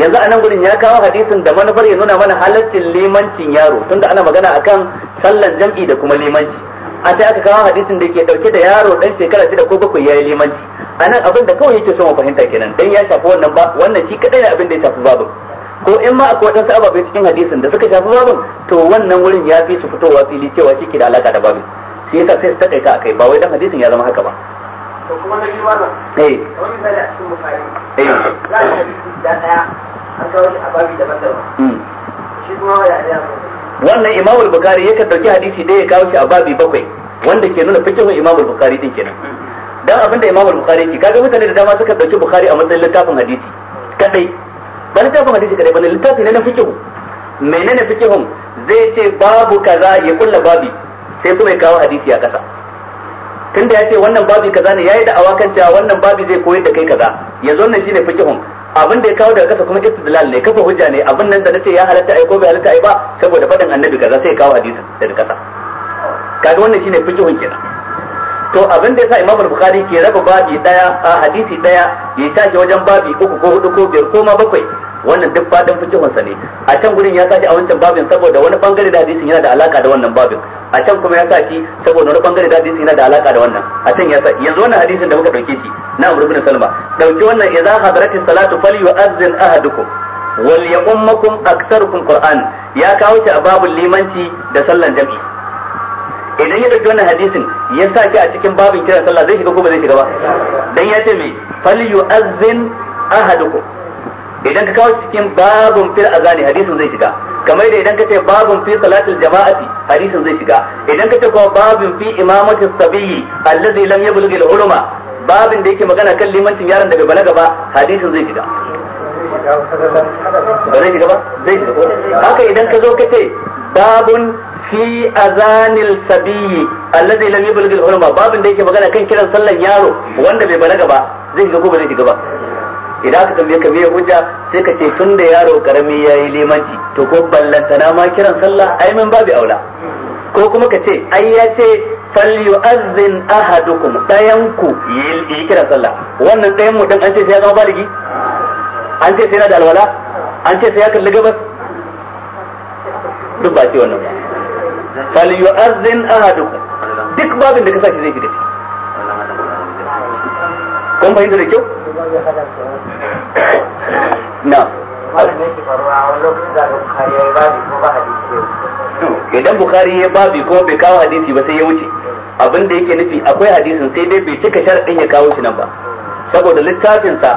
yanzu a nan gudun ya kawo hadisin da manufar ya nuna mana halaccin limancin yaro tunda ana magana akan sallan jam'i da kuma limanci a sai aka kawo hadisin da ke ɗauke da yaro dan shekara shida ko bakwai ya yi limanci anan abin da kawai yake so mu fahimta kenan dan ya shafi wannan ba wannan shi kadai ne abin da ya shafi babu. ko in ma akwai wadansu ababai cikin hadisin da suka shafi babun to wannan wurin ya fi su fitowa fili cewa shi ke da alaka da babin shi yasa sai su takaita akai ba wai dan hadisin ya zama haka ba to kuma na biyu wannan eh wani misali a cikin bukari eh za ka hadisi da daya an kawo shi a babi daban-daban hmm. shi kuma ya da wannan imamul bukari yakan dauki hadisi da ya kawo shi a babi bakwai wanda ke nuna fikihun imamul bukari din kenan hmm. dan abin da Bukhari yake kaga mutane da dama suka dauki Bukhari a matsayin littafin hadisi kadai ba littafin hadisi kadai ba littafi ne na fikihu menene fiqhun zai ce babu kaza ya kulla babi sai kuma ya kawo hadisi a kasa tunda ya ce wannan babi kaza ne yayi da'awa kan cewa wannan babi zai koyar da kai kaza yanzu wannan shine fiqhun abin da ya kawo daga kasa kuma istidlal ne kafa hujja ne abin nan da nace ya halatta ai ko bai halatta ai ba saboda faɗin annabi kaza sai ya kawo hadisin daga kasa kaga wannan shine fiqhun kenan to abin da yasa Imam Bukhari ke raba babi daya a hadisi daya ya tashi wajen babi uku ko hudu ko biyar ko ma bakwai wannan duk fadin fikihun sa ne a can gurin ya sashi a wancan babin saboda wani bangare da hadisin yana da alaka da wannan babin a can kuma ya sashi saboda wani bangare da hadisin yana da alaka da wannan a can ya sa yanzu wannan hadisin da muka dauke shi na Amr ibn Salma dauki wannan idza hadratis salatu falyu'azzin ahadukum wal ya'ummakum aktharukum qur'an ya kawo shi a babul limanci da sallan jami'i idan ya dauki wannan hadisin ya sa shi a cikin babin kiran sallah zai shiga ko ba zai shiga ba dan ya ce me fal yu'azzin ahadukum idan ka kawo cikin babun fil azani hadisin zai shiga kamar da idan ka ce babun fi salatul jama'ati hadisin zai shiga idan ka ce kuma babun fi imamati sabiyyi allazi lam yablugh al ulama babin da yake magana kan limancin yaron da bai balaga ba hadisin zai shiga ba zai shiga ba zai shiga haka idan ka zo ka ce babun fi azanil sabiyi alladhi lam yablugh al-hulma babin da yake magana kan kiran sallan yaro wanda bai balaga ba zai shiga ko ba zai shiga ba idan aka tambaye ka biya hujja sai ka ce tun da yaro karami yayi limanci to ko ballantana ma kiran sallah ai min babu aula ko kuma ka ce ai ya ce falyu'azzin ahadukum dayan ku yi kiran sallah wannan dayan mu din an ce sai ya zama baligi an ce sai yana da alwala an ce sai ya kalli gabas duk ba ce wannan ba fal yu'azzin ahadukum duk babin da ka saki zai fi da kun fahimta da kyau na idan bukari ya babi kuma bai kawo hadisi ba sai ya wuce abin da yake nufi akwai hadisin sai dai bai cika sharaɗin ya kawo shi nan ba saboda littafinsa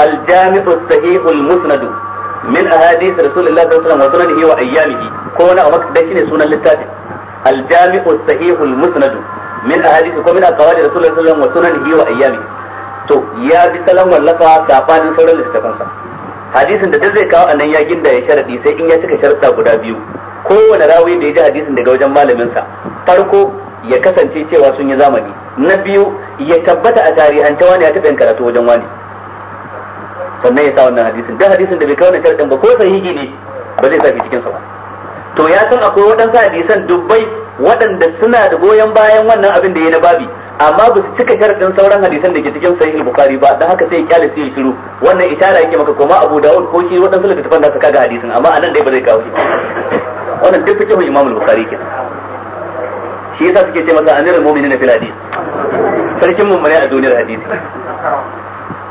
aljami'u sahihul musnadu min ahadith rasulullahi sallallahu alaihi wa sallam wa sunanihi wa ayyamihi ko wani abu da shine sunan littafin Aljami'u الصحيح المسند من أحاديث ومن أقوال رسول الله da الله عليه وسلم وسننه وأيامه to ya bi salon wallafa sabanin sauran littafansa hadisin da duk zai kawo nan ya ginda ya sharadi sai in ya cika sharuɗa guda biyu kowane rawi da ya ji hadisin daga wajen malaminsa farko ya kasance cewa sun yi zamani na biyu ya tabbata a tarihance wani ya taɓa yin karatu wajen wani sannan ya sa wannan hadisin duk hadisin da bai kawo wannan sharadin ba ko sahihi ne ba zai sa cikin ba to ya san akwai waɗansu hadisan dubbai waɗanda suna da goyon bayan wannan abin da ya na babi amma ba su cika sharadin sauran hadisan da ke cikin sahih bukhari ba dan haka sai ya kyale sai ya shiru wannan ishara yake maka koma abu dawud ko shi waɗansu tafan da su kaga hadisin amma anan dai ba zai kawo shi wannan duk fiqhu imam al-bukhari kenan shi yasa suke ce masa amirul mu'minin fil hadis sarkin mummune a duniyar hadisi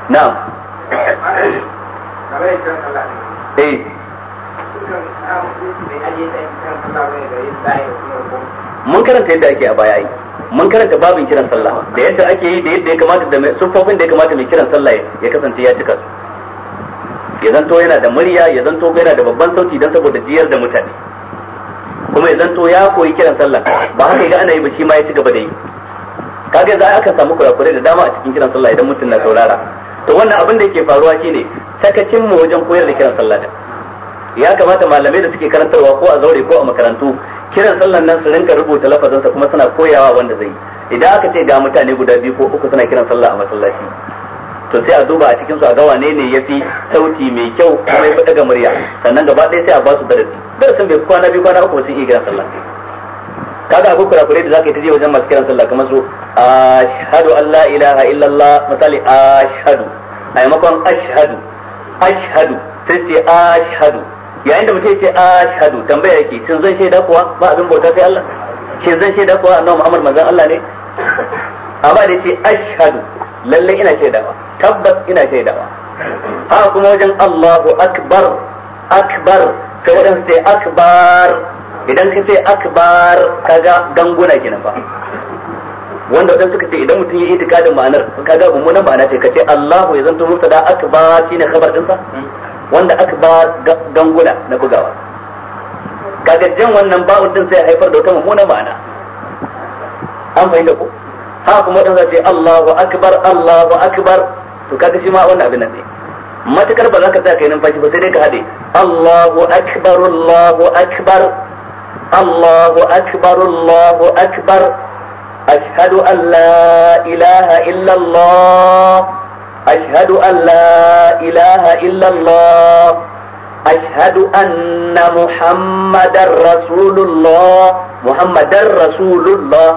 na'am eh mun karanta yadda ake a baya yi mun karanta babin kiran sallah da yadda ake yi da yadda ya kamata da sufofin da ya kamata mai kiran sallah ya kasance ya cika su ya zanto yana da murya ya zanto yana da babban sauti don saboda jiyar da mutane kuma ya zanto ya koyi kiran sallah ba haka ga ana yi ba shi ma ya ci gaba da yi kaga za a kan samu kurakurai da dama a cikin kiran sallah idan mutum na saurara to wannan abin da yake faruwa shine sakacin mu wajen koyar da kiran sallah da ya kamata malamai da suke karantarwa ko a zaure ko a makarantu kiran sallan nan su rinka rubuta lafazansa kuma suna koyawa wanda zai idan aka ce ga mutane guda biyu ko uku suna kiran sallah a masallaci to sai a duba a cikin su a ga wane ne yafi sauti mai kyau kuma fada daga murya sannan gaba ɗaya sai a ba su darasi darasin bai kwana biyu kwana uku sun iya kiran sallah kaga abu kurakurai da zaka yi ta je wajen masu kiran sallah kamar su ashhadu an la ilaha illallah misali ashhadu a maimakon ashhadu ashhadu sai ce ashhadu yayin da mutum ya ce shahadu tambaya yake shin zan shaida kuwa ba abin bauta sai Allah shin zan shaida kuwa annabi Muhammad manzon Allah ne amma da ce ashhadu lalle ina shaidawa tabbas ina shaidawa ha kuma wajen Allahu akbar akbar sai wajen sai akbar idan ka ce akbar kaga ganguna kina ba wanda wadansu suka ce idan mutum ya yi itikadin ma'anar kaga mummunan ma'ana ce ka ce Allahu ya zanto mubtada akbar shine khabar dinsa wanda aka ba ganguna na bugawa kaga jan wannan ba'un din sai haifar da wata mummuna ma'ana an fahimta ko ha kuma dan zace Allahu akbar Allahu akbar to kaga shi ma wannan abin nan ne matakar ba za ka tsaya kai numfashi ba sai dai ka hade Allahu akbar Allahu akbar Allahu akbar Allahu akbar ashhadu an la ilaha illa Allah أشهد أن لا إله إلا الله أشهد أن محمدا رسول الله محمدا رسول الله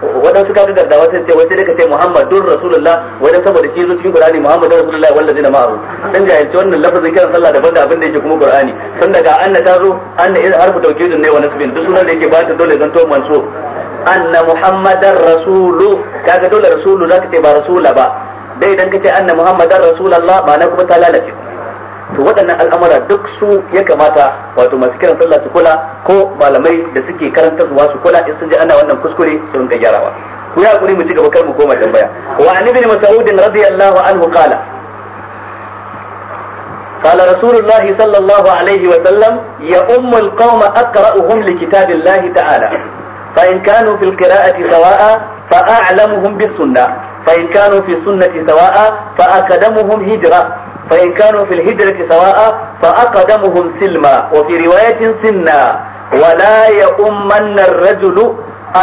wadan suka ga gardawa sai ce wai sai daga ce Muhammadur Rasulullah wadan saboda shi zo cikin Qur'ani Muhammadur Rasulullah wanda zai na ma'aru dan ga yace wannan lafazin kiran sallah daban da abin da yake kuma Qur'ani tun daga anna ta zo anna iz harfu tawkidun ne wa nasbin duk sunan da yake ba ta dole zan to mansub anna Muhammadar Rasulu kaga dole Rasulu zaka ce ba Rasula ba dai idan ce anna muhammadan rasulullah ba na kuma ta lalace to waɗannan al'amura duk su ya kamata wato masu kiran sallah su kula ko malamai da suke karantarwa su kula in sun ji ana wannan kuskure su rinka gyarawa ku ya kuri mu ci gaba kar mu koma tambaya wa an ibn mas'ud radiyallahu anhu qala قال رسول الله صلى الله عليه وسلم يؤم القوم أقرأهم لكتاب الله تعالى فإن كانوا في القراءة سواء فأعلمهم بالسنة fa in kanu fi sunnati sawa'a fa aqdamuhum hijra fa in kanu fil hijrati sawa'a fa aqdamuhum silma wa fi riwayatin sinna ولا يؤمن الرجل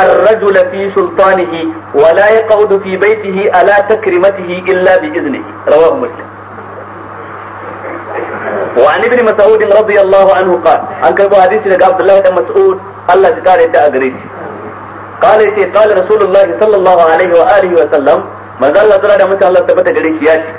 الرجل في سلطانه ولا يقعد في بيته على تكرمته إلا بإذنه رواه مسلم وعن ابن مسعود رضي الله عنه قال عن كربو حديث لك عبد الله بن مسعود الله تكاري تأغريش قال يتي قال رسول الله صلى الله عليه وآله وسلم manzo Allah tsara da mutum Allah tabbata gare shi ya ce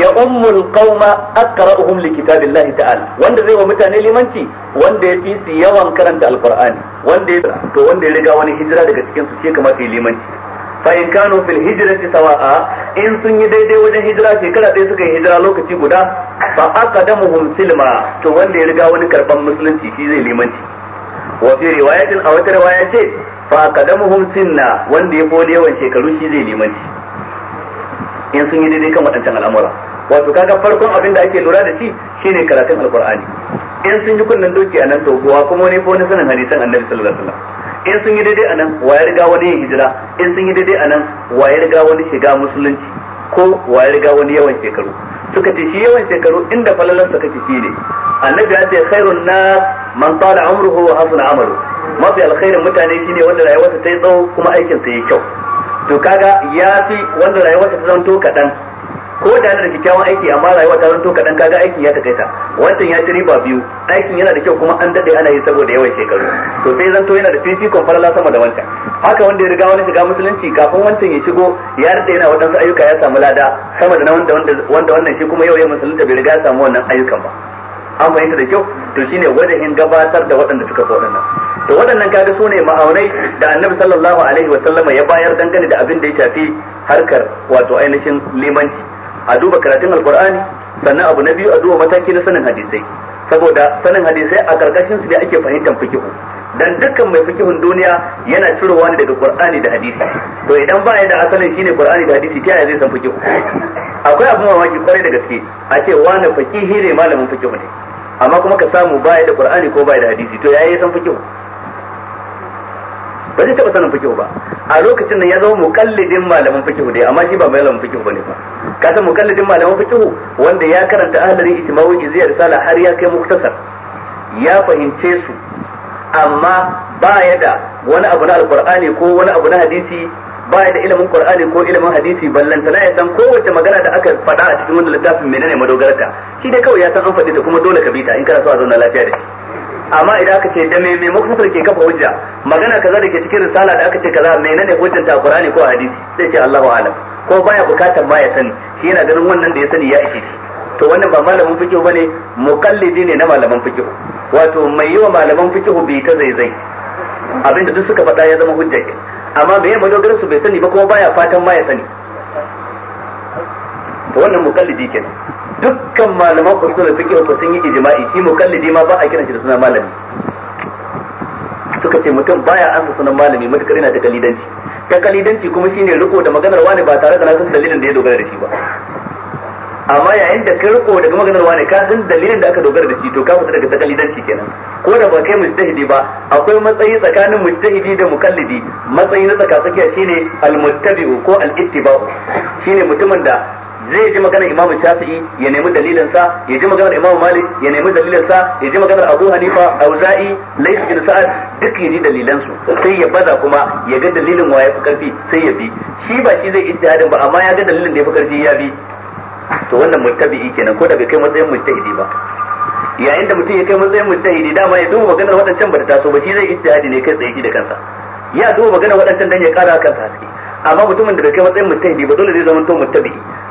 ya ummul qauma aqra'uhum li kitabillahi ta'ala wanda zai wa mutane limanci wanda ya fi su yawan karanta alqur'ani wanda ya to wanda ya riga wani hijira daga cikin su shi kamata ya limanci fa in kanu fil hijrati sawa'a in sun yi daidai wajen hijira shekara ɗaya suka yi hijira lokaci guda fa aqdamuhum silma to wanda ya riga wani karban musulunci shi zai limanci wa fi riwayatin a wata riwaya ce fa kadamuhum sinna wanda ya bode yawan shekaru shi zai neman shi. in sun yi daidai kan waɗancan al'amura wato kaga farkon abin da ake lura da shi shine karatun alqur'ani in sun yi kunnen doki a nan to kuwa kuma ne ko wani sanin hadisan annabi sallallahu alaihi wasallam in sun yi daidai a nan wa ya riga wani hijira in sun yi daidai a nan wa ya riga wani shiga musulunci ko wa ya riga wani yawan shekaru suka ce shi yawan shekaru inda falalarsa ce shi ne annabi ya ce khairun nas man tala umruhu wa hasuna amalu mafi alkhairin mutane shine wanda rayuwarsa ta yi tsawo kuma aikin sa yi kyau to kaga ya fi wanda rayuwarsa ta zanto kadan ko da yana da kyakkyawan aiki amma rayuwa ta zanto kadan kaga aikin ya takaita wancan ya ci riba biyu aikin yana da kyau kuma an daɗe ana yi saboda yawan shekaru to sai zanto yana da fifikon falala sama da wancan haka wanda ya riga wani shiga musulunci kafin wancan ya shigo ya daɗe yana waɗansu ayyuka ya samu lada sama da na wanda wanda wannan shi kuma yau ya musulunta bai riga ya samu wannan ayyukan ba an fahimta da kyau to shine wajahin gabatar da waɗanda suka so waɗannan to waɗannan kaga su ne ma'aunai da annabi sallallahu alaihi wa sallama ya bayar dangane da abin da ya shafi harkar wato ainihin limanci a duba karatun alqur'ani sannan abu na biyu a duba mataki na sanin hadisai saboda sanin hadisai a karkashin su ne ake fahimtar fikihu dan dukkan mai fikihun duniya yana cirowa ne daga qur'ani da hadisi to idan ba ya da asalin shine qur'ani da hadisi ta yaya zai san fikihu akwai abin mamaki kwarai da gaske a ce wani fakihi ne malamin fikihu ne amma kuma ka samu baya da qur'ani ko baya da hadisi to yaya san fikihu ba zai taɓa sanin fikihu ba a lokacin nan ya zama mukallidin malaman fikihu dai amma shi ba malamin fikihu bane ba ka san mukallidin malaman fikihu wanda ya karanta ahlari ijma'i ziyar risala har ya kai muktasar ya fahimce su amma ba ya da wani abu na alqur'ani ko wani abu na hadisi ba ya da ilimin qur'ani ko ilimin hadisi na ya san kowace magana da aka faɗa a cikin wannan littafin menene madogarta shi dai kawai ya san an faɗi ta kuma dole ka bi ta in kana so a zauna lafiya da shi amma idan aka ce da me me mukhtasar ke kafa hujja magana kaza da ke cikin risala da aka ce kaza menene hujjar ta Qur'ani ko hadisi sai ce Allahu a'lam ko baya bukatar ma ya sani shi yana ganin wannan da ya sani ya ishe shi to wannan ba malamin fiqh bane muqallidi ne na malaman fiqh wato mai yiwa malaman fiqh bai ta zaizai abinda duk suka faɗa ya zama hujja ke amma me madogaran su bai sani ba kuma baya fatan ma ya sani to wannan muqallidi kenan dukkan malaman usul fiqh ko sun yi ijma'i shi mukallidi ma ba a kiran shi da sunan malami suka ce mutum baya an sunan malami matukar yana da kalidanci ta kalidanci kuma shine riko da maganar wani ba tare da na san dalilin da ya dogara da shi ba amma yayin da ka riko daga maganar wani ka san dalilin da aka dogara da shi to ka fita daga kalidanci kenan ko da ba kai mujtahidi ba akwai matsayi tsakanin mujtahidi da mukallidi matsayi na tsaka tsakiya shine al-muttabi'u ko al-ittiba'u shine mutumin da zai ji maganar Imam Shafi'i ya nemi dalilin sa ya ji maganar Imam Malik ya nemi dalilin sa ya ji maganar Abu Hanifa Auza'i Layth bin Sa'ad duk ya ji dalilan su sai ya baza kuma ya ga dalilin waye fi karfi sai ya bi shi ba shi zai ijtihadin ba amma ya ga dalilin da ya fi karfi ya bi to wannan mutabi'i kenan ko da bai kai matsayin mujtahidi ba yayin da mutum ya kai matsayin mujtahidi dama ya duba maganar waɗancan ba da taso ba shi zai ijtihadi ne kai tsaye da kansa ya duba maganar waɗancan dan ya kara kansa haske amma mutumin da bai kai matsayin mujtahidi ba dole zai zama to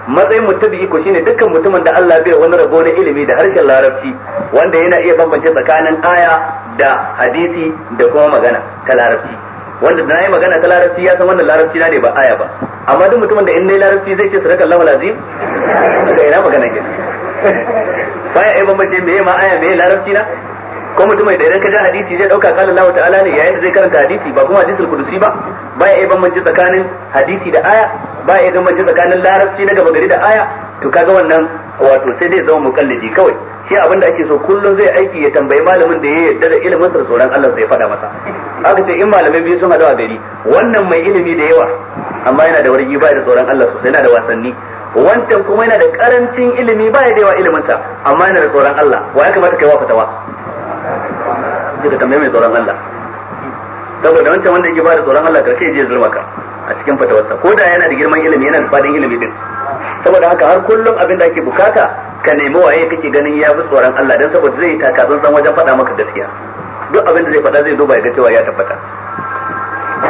matsayin mutabi'i ko shine dukkan mutumin da Allah bai wani rabo na ilimi da harshen larabci wanda yana iya bambance tsakanin aya da hadisi da kuma magana ta larabci wanda da nayi magana ta larabci ya san wannan larabci na ne ba aya ba amma duk mutumin da in dai larabci zai ce sadaka Allahu lazim da ina magana ke baya ai bambance me ma aya me larabci na ko mutum da idan ka ja hadisi zai dauka kala Allah ta'ala ne yayin da zai karanta hadisi ba kuma hadisul kudusi ba baya iya bambanci tsakanin hadisi da aya baya iya bambanci tsakanin larabci na gaba gari da aya to kaga wannan wato sai dai zama mukallidi kawai shi abin da ake so kullum zai aiki ya tambayi malamin da ya yarda da ilimin sa tsoron Allah zai faɗa masa haka ce in malamai biyu sun hadu a gari wannan mai ilimi da yawa amma yana da wargi baya da tsoron Allah sosai yana da wasanni wancan kuma yana da karancin ilimi baya da yawa ilimin sa amma yana da tsoron Allah wa ya kamata kai wa fatawa kika tambaye mai tsoron Allah saboda wancan wanda yake ba da tsoron Allah karshe je zulma a cikin fatawarsa ko da yana da girman ilimi yana da fadin ilimi din saboda haka har kullum abin da ake bukata ka nemi waye kake ganin ya bi tsoron Allah dan saboda zai taka tsantsan wajen faɗa maka gaskiya duk abin da zai faɗa zai duba ya ga cewa ya tabbata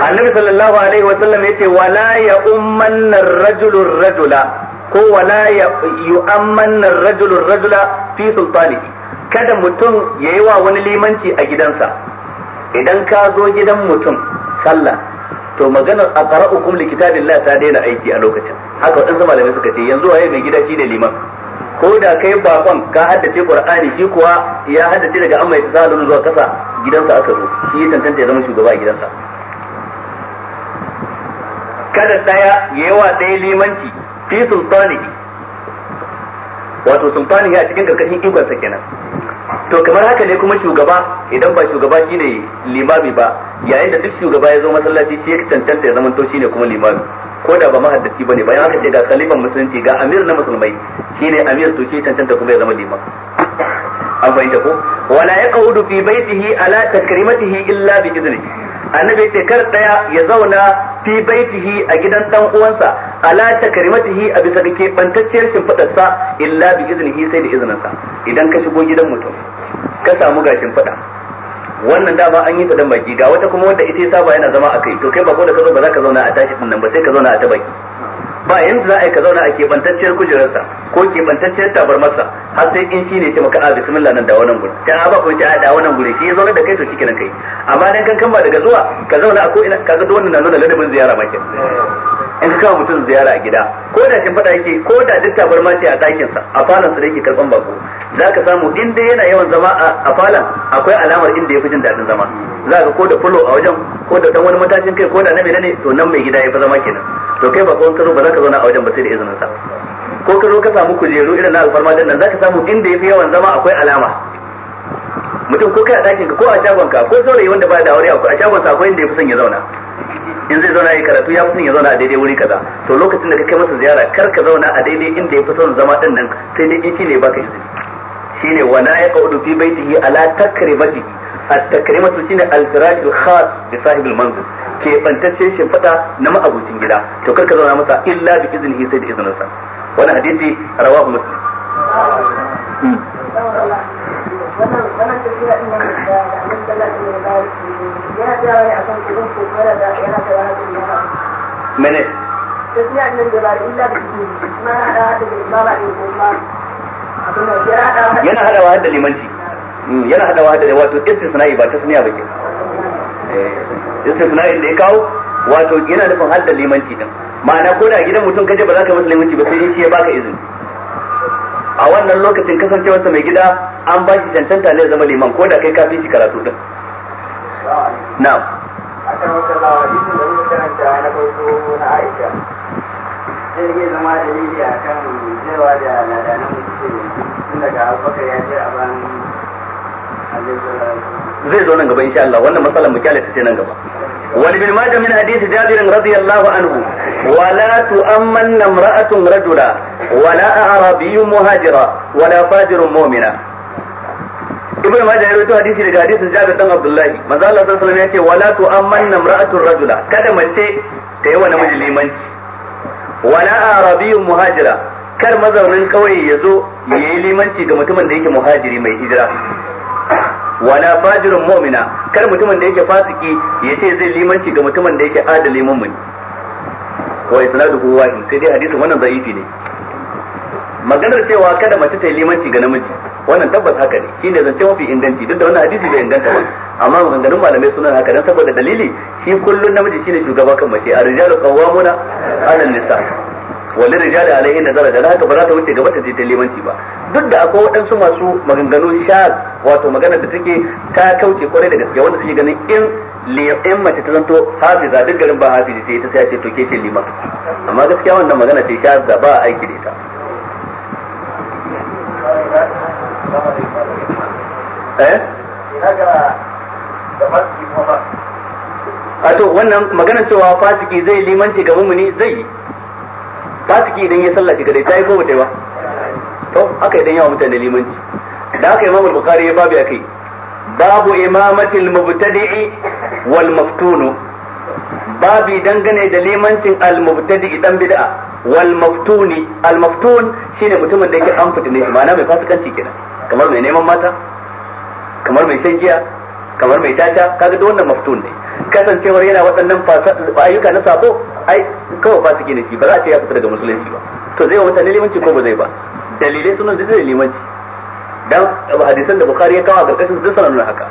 annabi sallallahu alaihi wa sallam yace wala ya ummanna ar-rajulu rajula ko wala ya yu'ammanna ar-rajulu rajula fi sultanihi kada mutum ya yi wa wani limanci a gidansa idan ka zo gidan mutum sallah to maganar a ƙara hukum likitabillah ta daina aiki a lokacin haka waɗansu malamai suka ce yanzu waye mai gida shi ne liman ko da kai bakon ka haddace qur'ani shi kuwa ya haddace daga amma ya tsara zuwa kasa gidansa aka zo shi ya tantance zama shugaba a gidansa kada daya wa daya limanci fi sultani wato sultani ya cikin karkashin ikonsa kenan to kamar haka ne kuma shugaba idan ba shugaba shine limami ba yayin da duk shugaba ya zo masallaci shi ya cancanta ya zamanto shine kuma limami ko da ba mahaddaci bane bayan haka ce ga khalifan musulunci ga amir na musulmai shine amir to shi cancanta kuma ya zama limami an fahimta ko wala yaqudu fi baitihi ala takrimatihi illa bi idnihi annabi ce kar daya ya zauna fi baitihi a gidan dan uwansa ala ta takarimatihi a bisa dake bantacciyar shimfidarsa illa bi iznihi sai da izininsa idan ka shigo gidan mutum ka samu ga shimfida wannan dama an yi ta dan baki ga wata kuma wanda ita ya saba yana zama a kai, to kai ba ko da ka zo ba za ka zauna a tashi din nan ba sai ka zauna a ta baki ba yanzu za a yi ka zauna a keɓantacciyar kujerarsa ko keɓantacciyar tabarmarsa har sai in shi ne ce maka a bismillah nan da wannan guri ta ba ko a da wannan guri shi ya zauna da kai to shi kai amma dan kan kan ba daga zuwa ka zauna a ko ina ga wannan nan da ladabin ziyara ma in ka kawo mutum ziyara a gida ko da shin fada yake ko da duk tabarma ce a dakin sa a falon su da yake karban bako zaka samu in dai yana yawan zama a falon akwai alamar inda yafi jin daɗin zama za ka ko da fulo a wajen ko da dan wani matashin kai ko da na menene to nan mai gida ya fi zama kenan to kai ba kawai ka zo ba za ka zauna a wajen ba sai da izinin sa ko ka zo ka samu kujeru irin na alfarma dan nan za ka samu inda yafi yawan zama akwai alama mutum ko kai a dakin ka ko a shagon ka ko saurayi wanda ba da aure a shagon sa akwai inda yafi son ya zauna in zai zauna yi karatu ya fi ya zauna a daidai wuri kaza to lokacin da ka kai masa ziyara kar ka zauna a daidai inda ya fi son zama din nan sai dai in shine baka izini shine wa na udu fi baitihi ala takribatihi at-takrimatu shine al khas bi sahibil manzil ke bantacce shi fada na ma'abucin gida to kar ka zauna masa illa bi iznihi sai da sa wannan hadisi rawahu muslim hmm. wannan wannan tafiya din da Allah ya yana cewa ne da yana yana mene da hada hada da ne da hada yana hada da limanci hmm, yana hada wa da wato istisna'i ba tasniya ba ke eh, istisna'in da ya kawo wato yana nufin da limanci din ma'ana ko da gidan mutum kaje ba za ka masa limanci ba sai shi ya baka izini a wannan lokacin kasancewarsa mai gida an ba shi cancanta ne zama liman ko da kai ka shi karatu din na'am akan wata lawa hadisin da muka karanta na farko na Aisha zai iya zama dalili akan zaiwa da ladanan mutum tun daga Abubakar ya je a ban zai zo nan gaba insha Allah wannan matsalar mu kyale ta ce nan gaba wani bin majah min hadisi jabir radiyallahu anhu ولا تؤمن امرأة رجلا ولا أعرابي مهاجرا Wala, فاجر مؤمنا ibnu majah ya rawaito hadisi daga hadisin jabir dan abdullahi manzo Allah sallallahu alaihi wasallam yace wala tu'ammanna imra'atur rajula kada mace ta yi wa namiji limanci wala arabiyyun muhajira kar mazaunin kauye ya zo ya yi limanci ga mutumin da yake muhajiri mai hijira wala fajirun mu'mina kar mutumin da yake fasiki ya ce zai limanci ga mutumin da yake adali mummuni wa huwa wahid sai dai hadisin wannan zaifi ne maganar cewa kada mace ta yi limanci ga namiji wannan tabbas haka ne shine zance mafi inganci duk da wannan hadisi bai inganta ba amma maganganun malamai suna haka dan saboda dalili shi kullun namiji shine shugaba kan mace a rijalu qawwamuna 'ala an-nisa wani rijali alaihin da zaraja haka ba za ta wuce gaba ta je ta limanci ba duk da akwai waɗansu masu maganganu sha wato magana da take ta kauce kwarai da gaske wanda suke ganin in in mace ta zanto hafiza duk garin ba hafiza sai ta sai ce to ke ce liman amma gaskiya wannan magana ce sha da ba aiki da ita Eh? a to wannan maganar cewa fasiki zai limanci ga mumuni zai yi fasiki idan ya sallah shi ta yi ko ba to haka idan yawa mutane limanci da haka imam al-bukhari ya babu akai babu imamatil mubtadi'i wal maftunu Babu dangane da limancin al-mubtadi'i dan bid'a wal maftuni al-maftun shine mutumin da yake an fitina shi ma'ana mai fasikanci kenan kamar mai neman mata kamar mai shan giya kamar mai tata kaga duk wannan maftun ne kasancewar yana waɗannan ayyuka na sabo ai kawai fasiki ne shi ba za a ce ya fita daga musulunci ba to zai wa mutane limanci ko ba zai ba dalilai sunan da zai limanci dan hadisan da bukari ya kawo a karkashin duk sanan nuna haka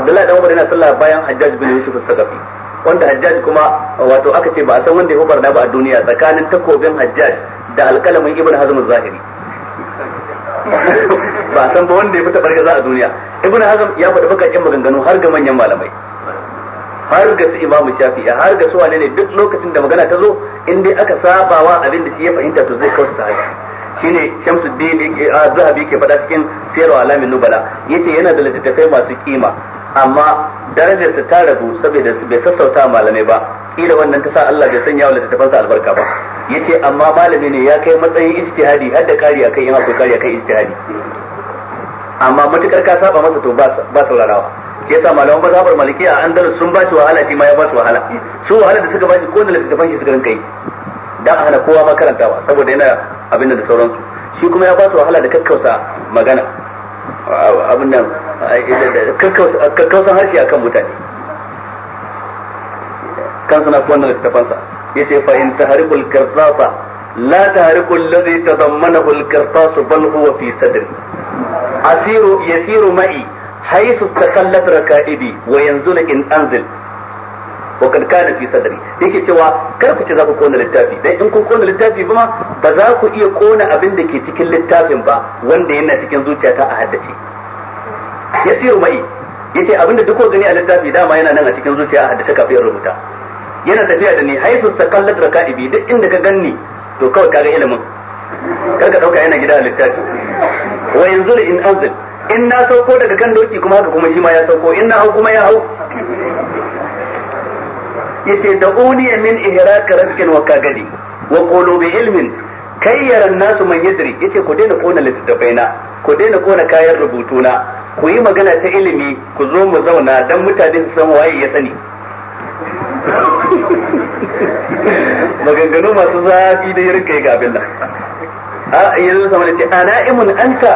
abdullahi dan umar yana sallah bayan hajjaj bin yusuf as-saqafi wanda hajjaj kuma wato aka ce ba a san wanda ya hubar da ba a duniya tsakanin takobin hajjaj da alkalamin ibn hazm zahiri ba san ba wanda ya fita gaza a duniya ibn hazm ya faɗi bakakin maganganu har ga manyan malamai har ga su imamu shafi'i har ga su wane ne duk lokacin da magana ta zo in dai aka sabawa abin da shi ya fahimta to zai kausa shi shine Shamsuddin Zahabi ke faɗa cikin Sirru Alamin Nubala yace yana da littattafai masu kima amma darajarsa ta ragu saboda bai sassauta malamai ba kila wannan ta sa Allah bai sanya wa littattafansa albarka ba yace amma malami ne ya kai matsayin ijtihadi har da kariya kai yana akwai kari kai ijtihadi amma matukar ka saba masa to ba saurarawa shi yasa malaman mazhabar malikiya a andalus sun ba shi wahala shi ma ya ba shi wahala su wahala da suka ba shi ko da littattafan shi suka rinka yi dan hana kowa ma karantawa saboda yana abin da sauransu shi kuma ya ba su wahala da kakkausa magana abin nan kakkausan harshe akan mutane kansa na kowanne littafansa yace fa in tahrikul kirsasa la tahrikul ladhi tadammanahu al kirsas bal huwa fi sadri asiru yasiru ma'i حيث wa ركائبي وينزل in أنزل وقد كان في صدري yake cewa kar ku ce za ku kona littafi dan in kun kona littafi ba ba za ku iya kona abin da ke cikin littafin ba wanda yana cikin zuciyata a haddace ya mai yace abin da duk gani a littafi dama yana nan a cikin zuciya a haddace kafin rubuta yana tafiya da ni haisu sakallat raka'ibi duk inda ka ganni to kawai ka ga ilimin kar ka dauka yana gida a littafi wa yanzu in anzil in na sauko daga kan doki kuma haka kuma shi ma ya sauko in na hau kuma ya hau yace da uni min ihraka raskin wa kagadi wa qulu bi ilmin kayyaran nasu man yadri yace ku daina kona littattafai na ku daina kona kayan rubutu na ku yi magana ta ilimi ku zo mu zauna dan mutane su san waye ya sani maganganu masu zafi da yarka ya gabin nan a yanzu sama da ce ana imun anta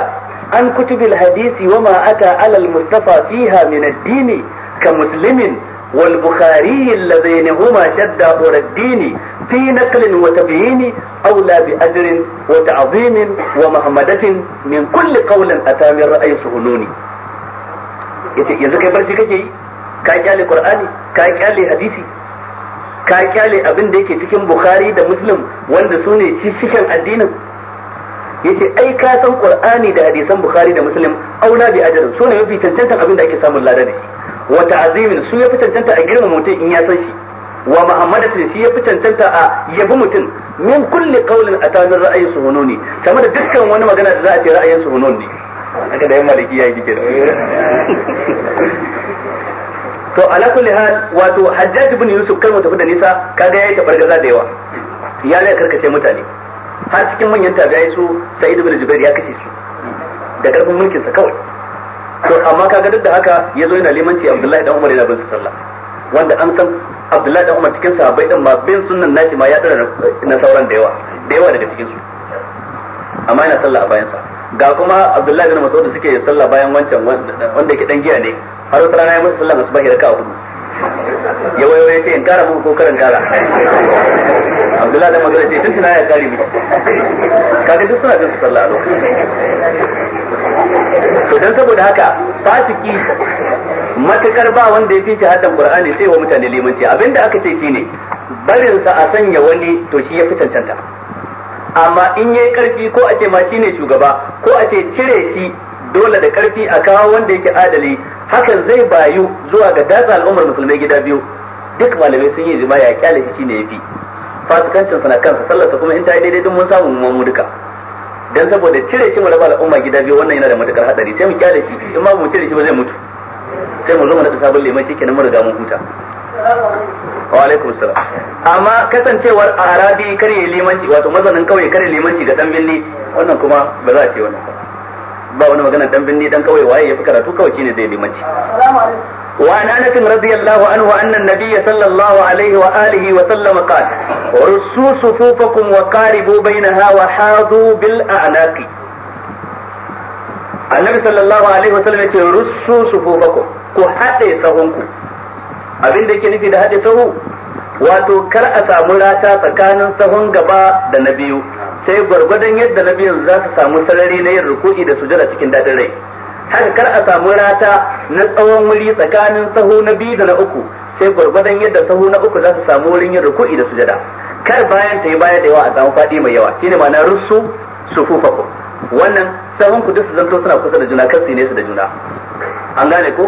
an kutubil hadisi wa ma ata alal mustafa fiha min addini ka muslimin والبخاري اللذين هما شد أمر الدين في نقل وتبيين أولى بأجر وتعظيم ومهمدة من كل قول أتى من رأي سهلوني yanzu kai barci kake yi ka kyale qur'ani ka kyale hadisi ka kyale abin da yake cikin bukhari da muslim wanda su ne cikin addinin Ya ce ai ka san qur'ani da hadisan bukhari da muslim aula bi ajrin su ne mafi tantantan abin da ake samun lada da shi wa ta'zimin su fi tantanta a girma mutum in ya san shi wa muhammadatin shi fi tantanta a yabi mutum min kulli qawlin atamin ra'ayi hununi, kamar da dukkan wani magana da za a ce ra'ayin suhunun ne da yan maliki yayi dike to ala kulli hal wato hajjaj ibn yusuf kar mu tafi da nisa kaga yayi tabargaza da yawa ya ne karkace mutane har cikin manyan tabi'ai su sa'id ibn jubair ya kace su da karfin mulkin sa kawai to amma kaga duk da haka ya zo yana limanci abdullahi dan umar yana bin sallah wanda an san abdullahi dan umar cikin sahabbai dan ma bin sunnan nashi ma ya dara na sauran da yawa da yawa daga cikin su amma yana sallah a bayan sa ga kuma Abdullahi bin Mas'ud da suke sallah bayan wancan wanda ke dan giya ne har wata rana ya musu sallah masu bahira kawo hudu ya wayo ya ce in kara muku ko karin kara Abdullahi bin Mas'ud ce tun tuna ya kare muku kaga duk suna jinsu sallah a lokacin. to don saboda haka fasiki matakar ba wanda ya fi haddan Qur'ani sai wa mutane limanci abinda aka ce shine barinsa a sanya wani to shi ya fi cancanta amma in yayi karfi ko a ce ma shine shugaba ko a ce cire shi dole da karfi a kawo wanda yake adali hakan zai bayu zuwa ga datsa al'ummar musulmai gida biyu duk malamai sun yi jima'a ya kyale shi ne yafi fasikancin suna kansa sallarsa kuma in ta yi daidai duk mun samu mu duka dan saboda cire shi mu raba al'umma gida biyu wannan yana da matukar hadari sai mu kyale shi in ma mu cire shi ba zai mutu sai mu zo mu da sabon lemaci shi kenan mu riga mun huta alaikum amma kasancewar arabi kare limanci wato mazanin kawai kare limanci ga dan binni wannan kuma ba za a ce wani ba wani magana dan binni dan kawai waye ya fi karatu kawai shine zai limanci wa an anas radiyallahu anhu anna an-nabiy sallallahu alaihi wa alihi wa sallam qala rusu sufufakum wa qaribu bainaha wa hadu bil a'naq annabi sallallahu alaihi wa sallam ya ce rusu sufufakum ku haɗe sahunku abin da ke nufi da haɗe sahu wato kar a samu rata tsakanin sahun gaba da na biyu sai gwargwadon yadda na biyun za su samu sarari na yin ruku'i da sujada cikin daɗin rai haka kar a samu rata na tsawon wuri tsakanin sahu na biyu da na uku sai gwargwadon yadda sahu na uku za su samu wurin yin ruku'i da sujada kar bayan ta yi baya da yawa a samu faɗi mai yawa shine ma'ana rusu su fufaku. wannan sahun ku duk su zanto suna kusa da juna su ne su da juna an gane ko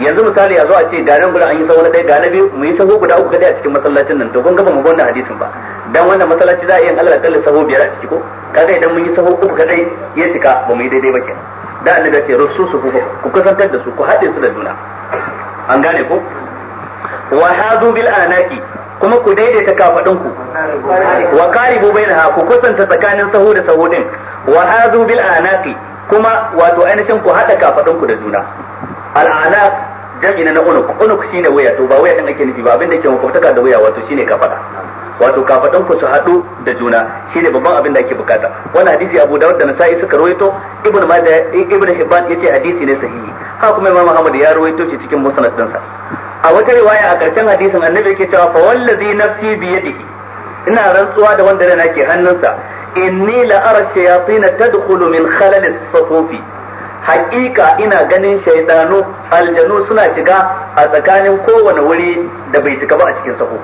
yanzu misali a zo a ce ga nan an yi sahu na ɗaya ga biyu mu yi sahu guda uku kadai a cikin masallacin nan to kun gaba mu gonna hadisin ba dan wannan masallaci za a yi Allah kalli sahu biyar a ciki ko kaga idan mun yi sahu uku kadai ya cika ba mu yi daidai ba kenan da annabi ya ce rusu su ku kasantar da su ku haɗe su da juna an gane ko wa hadu bil anaki kuma ku daidaita kafadun ku wa qaribu bainaha ku kusanta tsakanin sahu da sahu din wa hadu bil anaki kuma wato ainihin ku hada kafadun ku da juna al'anaq jam'i na unuk unuk shine waya to ba waya din ake nufi ba abin da ke makwabtaka da waya wato shine kafada wato kafadan ku su hadu da juna shine babban abin da ake bukata wannan hadisi Abu Dawud da Nasa'i suka rawaito Ibn Majah Ibn Hibban yace hadisi ne sahihi Ha kuma Imam Ahmad ya rawaito shi cikin musnad dinsa a wata riwaya a karshen hadisin annabi yake cewa fa wallazi nafsi bi yadihi ina rantsuwa da wanda rana ke hannunsa inni la ara shayatin tadkhulu min khalal as-sufufi haƙiƙa ina ganin shaidanu aljanu suna shiga a tsakanin kowane wuri da bai shiga ba a cikin sako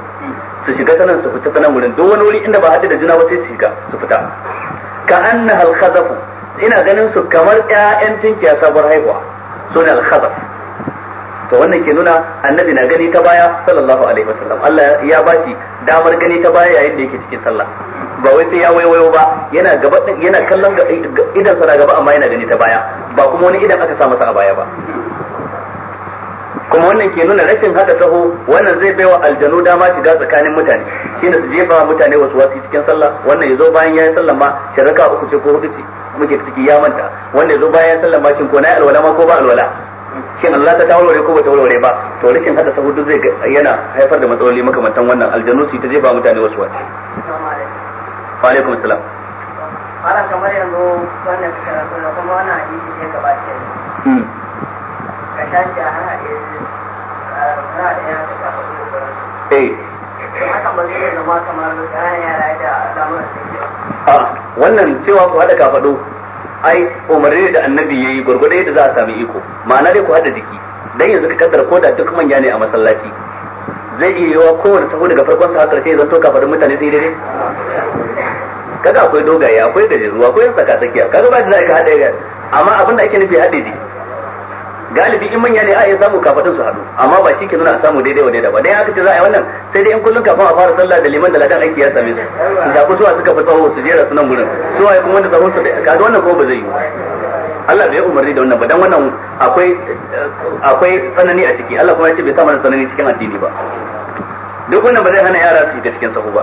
su shiga sanan su fita sanan wurin duk wani wuri inda ba haɗu da juna ba sai su shiga su fita ka anna al ina ganin su kamar ƴaƴan tinkiya sabuwar haihuwa Su ne khazaf to wannan ke nuna annabi na gani ta baya sallallahu alaihi wasallam Allah ya ba shi damar gani ta baya yayin da yake cikin sallah ba wai sai ya waiwayo ba yana gaba yana kallon idan sa gaba amma yana gani ta baya ba kuma wani idan aka sa masa a baya ba kuma wannan ke nuna rashin hada taho wannan zai baiwa aljanu dama shiga tsakanin mutane shine su jefa mutane wasu wasu cikin sallah wannan yazo bayan yayin sallah ma shirka uku ce ko hudu ce muke ciki ya manta wannan yazo bayan sallah ma shin ko na alwala ma ko ba alwala shin Allah ta warware ko bata warware ba to rikin hada sahu duk zai yana haifar da matsaloli makamantan wannan aljanu su ta jefa mutane wasu wace wa alaikum salam malam kamar yanzu wannan karatu da hmm. a hana eh. ba zai zama ah, wannan cewa ku hada kafaɗo. ai umarni da annabi yayi gurgurai yadda za a sami iko ma'ana dai ku hada jiki dan yanzu ka kaddara ko da duk manya ne a masallaci zai iya yiwa kowane sahu daga farkon sa haka sai zan to kafarin mutane sai dai kaga akwai dogaye akwai gajeru akwai yan tsaka tsakiya kaga ba da za ka hada amma abin da ake nufi hada jiki galibi in manya ne a iya samu kafatun su haɗu amma ba shi ke nuna a samu daidai wani daidai dai haka ce za a yi wannan sai dai in kullum kafin a fara sallah da liman da ladan aiki ya same su da ku suwa suka fi tsawo su jera su nan gurin suwa ya kuma wanda tsawon su da kaga wannan kuma ba zai yi Allah bai umarni da wannan ba dan wannan akwai akwai tsanani a ciki Allah kuma ya ce bai samu mana tsanani cikin addini ba duk wannan ba zai hana yara su yi cikin sahu ba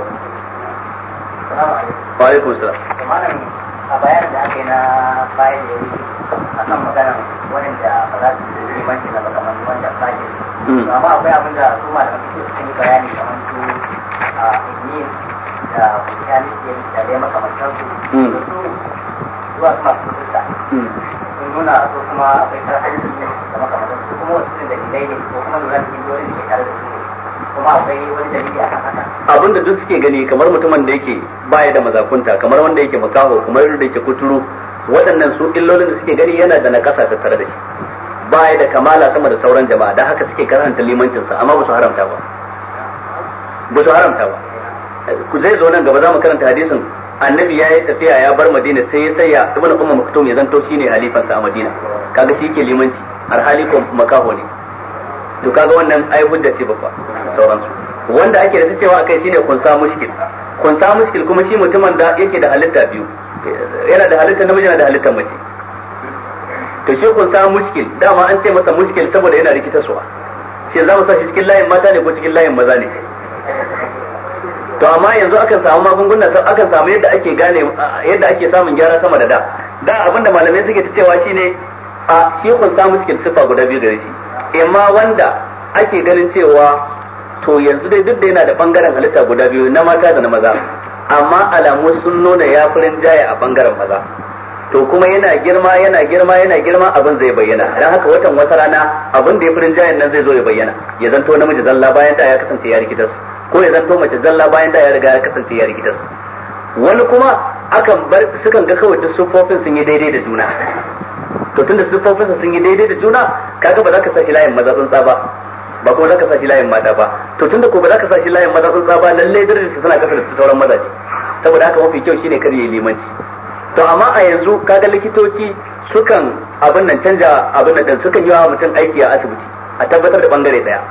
wa alaikum salam a bayanin da aka yi na bayan da yake a kan maganar da ba za su yi limanci na kamar wanda fage hmm. amma akwai abin da su ma da suke sun yi bayani kamar su a ibnin da kyanistiyar da dai makamantansu hmm. su zuwa su masu kusurta hmm. sun nuna su kuma akwai karhajin da makamantansu kuma wasu da ilai ne ko kuma lura da ilolin da ke tare da su abin da duk suke gani kamar mutumin da yake baya da mazakunta kamar wanda yake makaho kamar wanda yake kuturu waɗannan su illolin da suke gani yana da nakasa tattare da shi baya da kamala sama da sauran jama'a da haka suke karanta limancinsa amma ba su haramta ba ba su haramta ba ku zai zo nan gaba za mu karanta hadisin annabi ya yi tafiya ya bar madina sai ya tsaya ibnu umma maktum ya zanto shine halifansa a madina kaga shi yake limanci har hali makaho ne to kaga wannan ai hujja ce babba sauransu wanda ake da cewa akai shine kunsa mushkil kunsa mushkil kuma shi mutumin da yake da halitta biyu yana da halitta namiji yana da halitta mace to shi kunsa mushkil dama an ce masa mushkil saboda yana rikita suwa shi za mu sa shi cikin layin mata ne ko cikin layin maza ne to amma yanzu akan samu magunguna akan samu yadda ake gane yadda ake samun gyara sama da da da abinda malamai suke ta cewa shine a shi kunsa mushkil sifa guda biyu gare shi imma wanda ake ganin cewa to yanzu dai duk da yana da bangaren halitta guda biyu na mata da na maza amma alamu sun nuna ya furin jaya a bangaren maza to kuma yana girma yana girma yana girma abin zai bayyana dan haka watan wata rana abin da ya furin jayan nan zai zo ya bayyana ya zanto namiji zalla bayan da ya kasance ya su ko ya zanto mace zalla bayan da ya riga ya kasance ya su wani kuma akan bar sukan ga kawai duk sun yi daidai da juna to tunda siffofin sun yi daidai da juna kaga ba za ka sa shi layin maza tsantsa ba ba kuma za ka sa shi layin mata ba to tunda ko ba za ka sa shi layin maza tsantsa ba lalle darajar suna tana kasa da sauran mazaje saboda haka mafi kyau shine kar yi limanci to amma a yanzu kaga likitoci sukan abin nan canja abin nan sukan yi wa mutum aiki a asibiti a tabbatar da bangare daya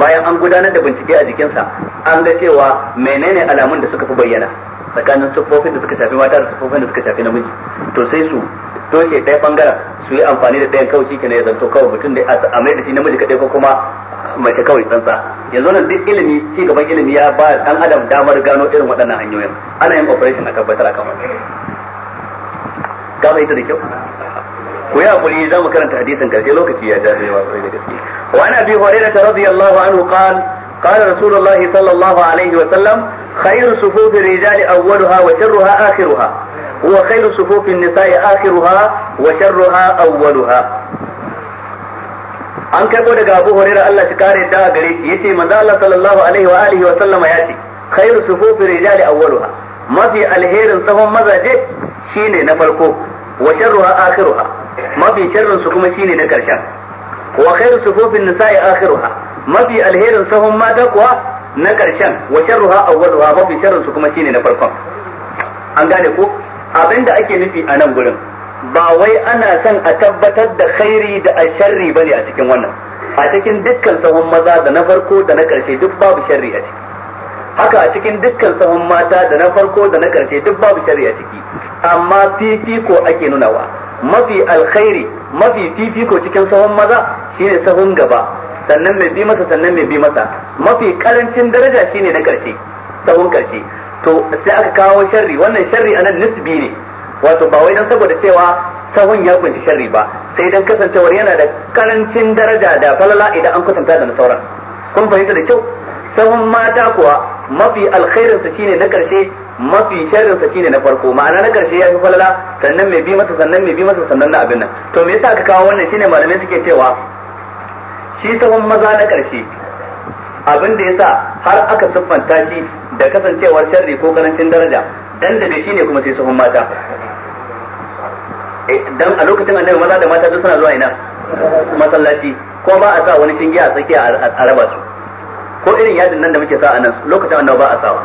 bayan an gudanar da bincike a jikinsa an ga cewa menene alamun da suka fi bayyana tsakanin siffofin da suka shafi mata da siffofin da suka shafi namiji to sai su toshe ɗaya bangaren su yi amfani da ɗayan kawai shi ne ya zanto kawai mutum da a mai da shi namiji kaɗai ko kuma mace kawai tsantsa yanzu nan duk ilimi ci gaban ilimi ya ba ɗan adam damar gano irin waɗannan hanyoyin ana yin operation a tabbatar a kamar gaba ita da kyau ku yi hakuri za mu karanta hadisin karshe lokaci ya ja sai wa da gaske wa ana bi radiyallahu anhu qala قال رسول الله صلى الله عليه وسلم خير صفوف الرجال أولها وشرها آخرها هو خير صفوف النساء آخرها wa أولها awwaluha an ko daga Abu Hurairah Allah shi kare da gare shi yace manzo Allah sallallahu alaihi wa alihi wa sallama yace khairu sufufi rijali awwaluha mafi alherin sahon mazaje shine na farko wa sharruha akhiruha mafi sharrin su kuma shine na karshen wa khairu sufufi nisa'i akhiruha mafi alherin sahon mata kuwa na karshen wa sharruha awwaluha mafi sharrin su kuma shine na farkon an gane ko abin da ake nufi a nan gurin ba wai ana son a tabbatar da khairi da a sharri ne a cikin wannan a cikin dukkan sahun maza da na farko da na karshe duk babu sharri a ciki haka a cikin dukkan sahun mata da na farko da na karshe duk babu sharri a ciki amma fifiko ake nunawa mafi alkhairi mafi fifiko cikin sahun maza shine sahun gaba sannan mai bi masa sannan mai bi masa mafi karancin daraja shine na karshe sahun karshe to sai aka kawo sharri wannan sharri anan nisbi ne wato ba wai dan saboda cewa sahun ya kunshi sharri ba sai dan kasancewar yana da karancin daraja da falala idan an kusanta da sauran kun fahimta da kyau sahun mata kuwa mafi alkhairin sa shine na karshe mafi sharrin sa shine na farko ma'ana na karshe ya fi falala sannan mai bi masa sannan mai bi masa sannan na abin nan to me yasa aka kawo wannan shine malamai suke cewa shi sahun maza na karshe abin da yasa har aka siffanta shi da kasancewar sharri ko karancin daraja dan daga shi ne kuma sai sahun mata eh, dan a lokacin annabi maza da mata duk suna zuwa ina masallaci ko ba a sa wani kingi a tsakiya a raba su ko irin yadin nan da muke sa a nan lokacin annabi ba a sawa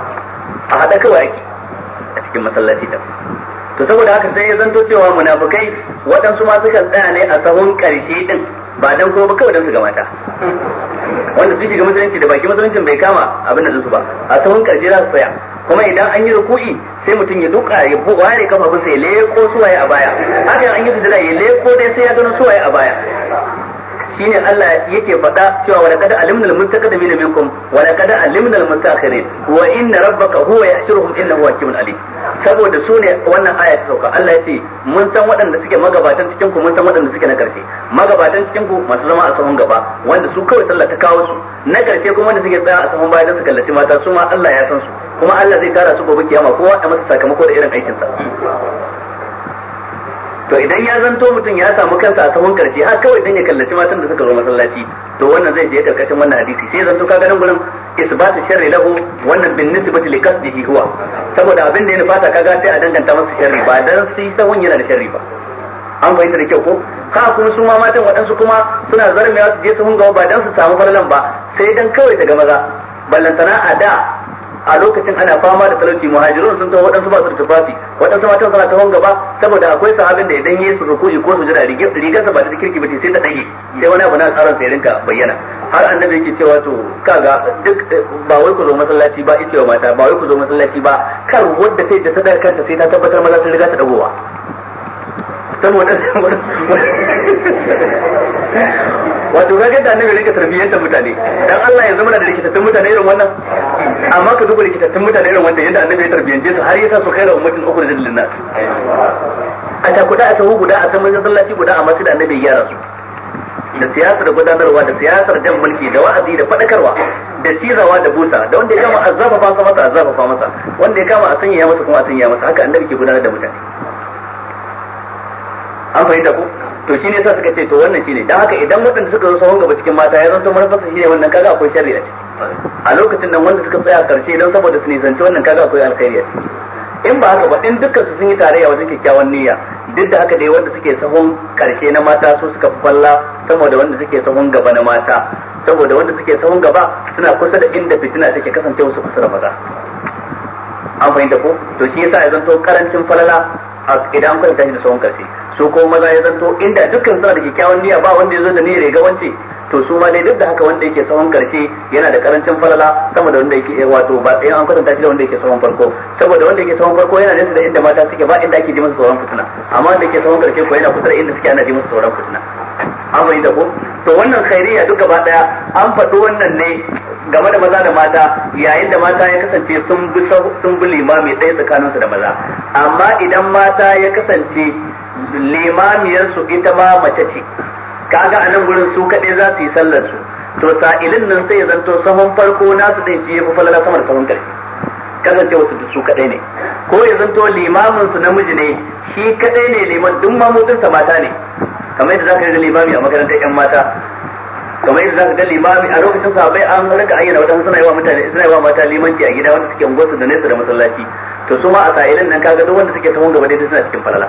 a haɗa kawai ake a cikin masallaci da to saboda haka sai ya zanto cewa munafikai waɗansu ma suka tsaya ne a sahun ƙarshe din ba dan kuma ba kawai dan su ga mata wanda suke ga musulunci da baki musulunci bai kama abin da su ba a tsawon karje za su tsaya kuma idan an yi ruku'i sai mutum ya duka ya ware kafafunsa ya leko suwaye a baya haka an yi su sujada ya leko dai sai ya gano suwaye a baya shine Allah yake faɗa cewa wa laqad alimnal mustaqdimin minkum wa laqad alimnal mutaakhirin wa inna rabbaka huwa yahshuruhum innahu hakimun alim saboda su ne wannan aya ta sauka Allah yace mun san waɗanda suke magabatan cikin ku mun san waɗanda suke na karshe magabatan cikin ku masu zama a sahun gaba wanda su kawai sallah ta kawo su na karshe kuma wanda suke tsaya a sahun baya don su kallaci mata su ma Allah ya san su kuma Allah zai tara su gobe kiyama kowa a masa sakamako da irin aikinsa to idan ya zanto mutum ya samu kansa a sahun karshe ha kawai dan ya kallaci matan da suka zo masallaci to wannan zai je karkashin wannan hadisi sai zanto kaga nan gurin isbatu sharri lahu wannan bin nisbati li qasdihi huwa saboda abin da ya nufata kaga sai a danganta masa sharri ba dan sai sahun yana da sharri ba an fahimta da kyau ko ha kuma su ma matan waɗansu kuma suna zarmewa su je sahun gaba ba dan su samu farlan ba sai dan kawai daga maza ballantana a da a lokacin ana fama da talauci muhajirun sun kawo waɗansu ba su da tufafi waɗansu matan suna tawon gaba saboda akwai sahabin da idan yesu ruku'i ko su sujada rigarsa ba ta kirki ba sai ta ɗage sai wani abu na tsaron sai rinka bayyana har annabi yake cewa to kaga duk eh, ba wai ku zo masallaci ba ita wa mata ba wai ku zo masallaci ba kar wanda sai da sadar kanta sai ta tabbatar maza sun riga ta dagowa saboda wato ga yadda annabi rika tarbiyyantar mutane dan Allah yanzu muna da rikitattun mutane irin wannan amma ka duba rikitattun mutane irin wannan yadda annabi ya tarbiyyance su har yasa su kai khairu uku da lin nas a ta kuda a sahu guda a saman masallaci guda a da annabi ya gyara su da siyasar gudanarwa da siyasar jan mulki da wa'azi da fadakarwa da cizawa da busa da wanda ya kama azzafa fa masa a fa masa wanda ya kama a sanya masa kuma a sanya masa haka annabi ke gudanar da mutane an fahimta ko to shine sa suka ce to wannan shi ne don haka idan waɗanda suka zo sahun gaba cikin mata ya zanto shi ne wannan kaga akwai shari'a a ciki a lokacin nan wanda suka tsaya karshe don saboda su nisanci wannan kaga akwai alkhairiya ce in ba haka ba in dukkan su sun yi tarayya wajen kyakkyawan niyya duk da haka dai wanda suke sahun karshe na mata su suka falla saboda wanda suke sahun gaba na mata saboda wanda suke sahun gaba suna kusa da inda fitina take kasancewa su kusa da maza an fahimta ko to shi yasa ya zanto karancin falala idan an kwanta shi da sahun karshe su ko maza ya zanto inda dukkan suna da kyakkyawan niyya ba wanda ya zo da niyyar ga wance to su ma dai duk da haka wanda yake tsawon karshe yana da karancin falala sama da wanda yake eh, wato ba sai an kwatanta shi da wanda yake tsawon farko saboda wanda yake tsawon farko yana nesa da inda mata suke ba inda ake ji masa tsoron fitina amma wanda yake tsawon karshe ko yana kusa da inda suke ana ji masa tsoron fitina an bai da ko to wannan khairiyya duk gaba daya an faɗo wannan ne game da maza da mata yayin da mata ya kasance sun bi sun bi limami ɗaya tsakaninsu da maza amma idan mata ya kasance limamiyarsu ita ma mace ce kaga a nan gurin su kaɗai za su yi sallar su to sa'ilin nan sai ya zanto sahun farko nasu ɗin shi ya fi falala sama da sahun ƙarshe kasance wasu su kaɗai ne ko ya zanto limamin su namiji ne shi kaɗai ne liman duk mamutin sa mata ne kamar yadda zaka ga limami a makarantar ƴan mata kamar yadda zaka ga limami a lokacin sahabbai an rika ayyana wadansu suna yawa mutane suna yawa mata limanci a gida wanda suke unguwarsu da nesa da masallaci to su ma a sa'ilin nan kaga duk wanda suke sahun gaba dai suna cikin falala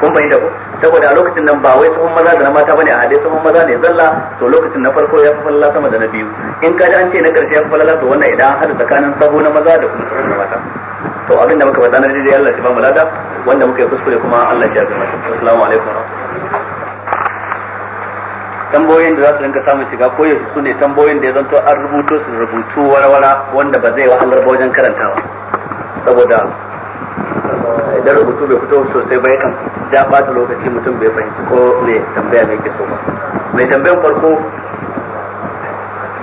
kun bayyana ku saboda a lokacin nan ba wai tsohon maza da na mata bane a hade tsohon maza ne zalla to lokacin na farko ya fi falala sama da na biyu in ka ji an ce na karshe ya fi falala to wannan idan an tsakanin sabo na maza da kuma tsohon na mata to abin da muka bazanar na Allah shi ba mu lada wanda muka yi kuskure kuma Allah shi ya zama assalamu alaikum tambayoyin da za su rinka samun shiga ko yaushe su ne tambayoyin da ya zanto an rubuto su rubutu warwara wanda ba zai wahalar ba wajen karantawa saboda idan rubutu bai fito sosai ba yakan ja bata lokaci mutum bai fahimci ko mai tambaya mai kiso ba mai tambayan farko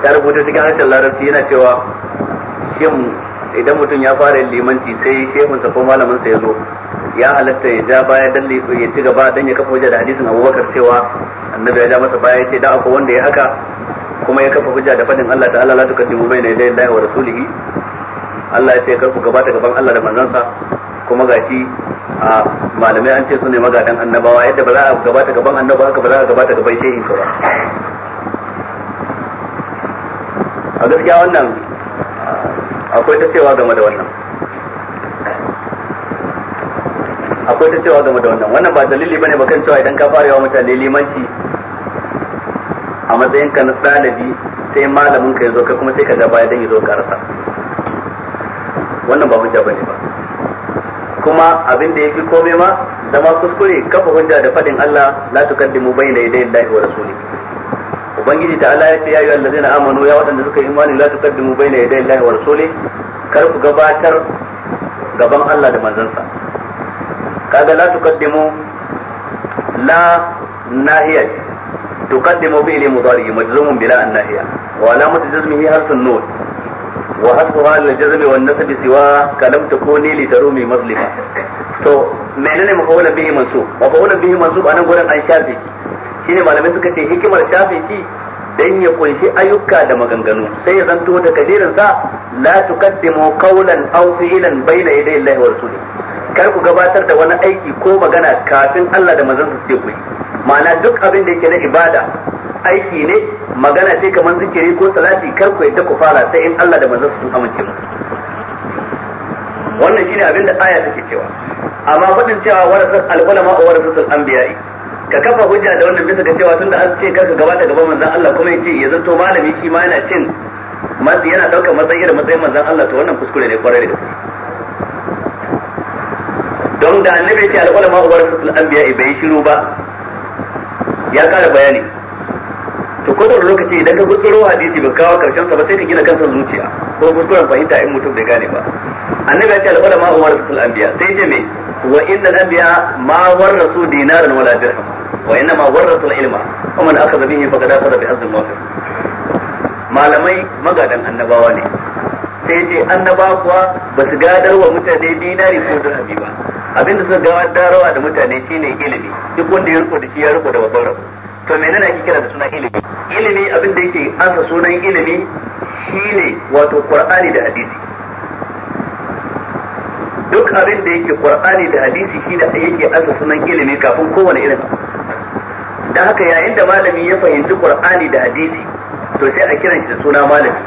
ya rubuta cikin harshen larabci yana cewa shin idan mutum ya fara limanci sai shehunsa ko malaminsa ya zo ya halatta ya ja baya dan ya ci gaba dan ya kafa hujja da hadisin abubakar cewa annabi ya ja masa baya ya ce da akwai wanda ya haka kuma ya kafa hujja da fadin Allah ta'ala la tukaddimu bayna yadayi Allah wa rasulihi Allah ya ce kar ku gabata gaban Allah da manzansa kuma shi a malamai an ce su ne magadan annabawa yadda ba za a gabata gaban annaba haka ba za a gabata gaban shehin ka ba a gaskiya wannan akwai ta cewa game da wannan akwai ta cewa game da wannan wannan ba dalili bane ba kan cewa idan ka fara yawa mutane limanci a matsayin ka na ɗalibi sai malamin ka ya zo kai kuma sai ka ga baya dan ya zo ka rasa wannan ba hujja bane ba kuma abin da yafi komai ma zama kuskure kafa hujja da fadin Allah la tukaddimu bayna yaday Allahi wa rasuli ubangiji ta Allah ya ce ya ayyuhal na amanu ya wadanda suka imani la tukaddimu bayna yaday Allahi wa rasuli kar ku gabatar gaban Allah da manzansa kaga la tukaddimu la nahiya tukaddimu bi ilmi mudari majzumun bila an nahiya wa alamatu jazmihi harfun nun wa hasbuha al-jazm wa an-nasb siwa kalam takuni li tarumi mazlima to menene mafaulan bihi mansub mafaulan bihi mansub anan gurin an shafe ki shine malamai suka ce hikimar shafe ki dan ya kunshi ayyuka da maganganu sai ya zanto da kadirin sa la tuqaddimu qawlan aw fi'lan bayna yaday Allah wa rasuli kar ku gabatar da wani aiki ko magana kafin Allah da manzon su ce ku ma'ana duk abin da yake na ibada aiki ne magana ce kamar zikiri ko salati kar ku yadda ku fara sai in Allah da manzon sun amince mu wannan shine abin da aya take cewa amma fadin cewa warasul al-ulama wa warasul anbiya ka kafa hujja da wannan bisa ga cewa tunda an ce karka gabata gaban manzon Allah kuma yace ya zanto malami shi ma yana cin yana daukar matsayi da matsayin manzon Allah to wannan kuskure ne kwarai da gaske don da annabi ya ce al-ulama wa warasul anbiya bai shiru ba ya kara bayani to ko da lokaci idan ka gutsuro hadisi ba kawo karshen sa ba sai ka gina kansa zuciya ko kuskuren fahimta in mutum bai gane ba annabi ya ce al'ada ma umar rasul anbiya sai ce me wa inna anbiya ma warasu dinaran wala dirham wa inna ma warasu ilma wa man akhadha bihi faqad akhadha bi hazzin wafir malamai magadan annabawa ne sai ce annaba kuwa ba su gadar wa mutane dinari ko dirhami ba abinda suka gadarwa da mutane shine ilimi duk wanda ya riko da shi ya riko da babban to menene ake kira da suna ilimi ilimi abin da yake asa sunan ilimi shine wato qur'ani da hadisi duk abin da yake qur'ani da hadisi shine yake asa sunan ilimi kafin kowane irin da haka yayin da malami ya fahimci qur'ani da hadisi to sai a kiran shi da suna malami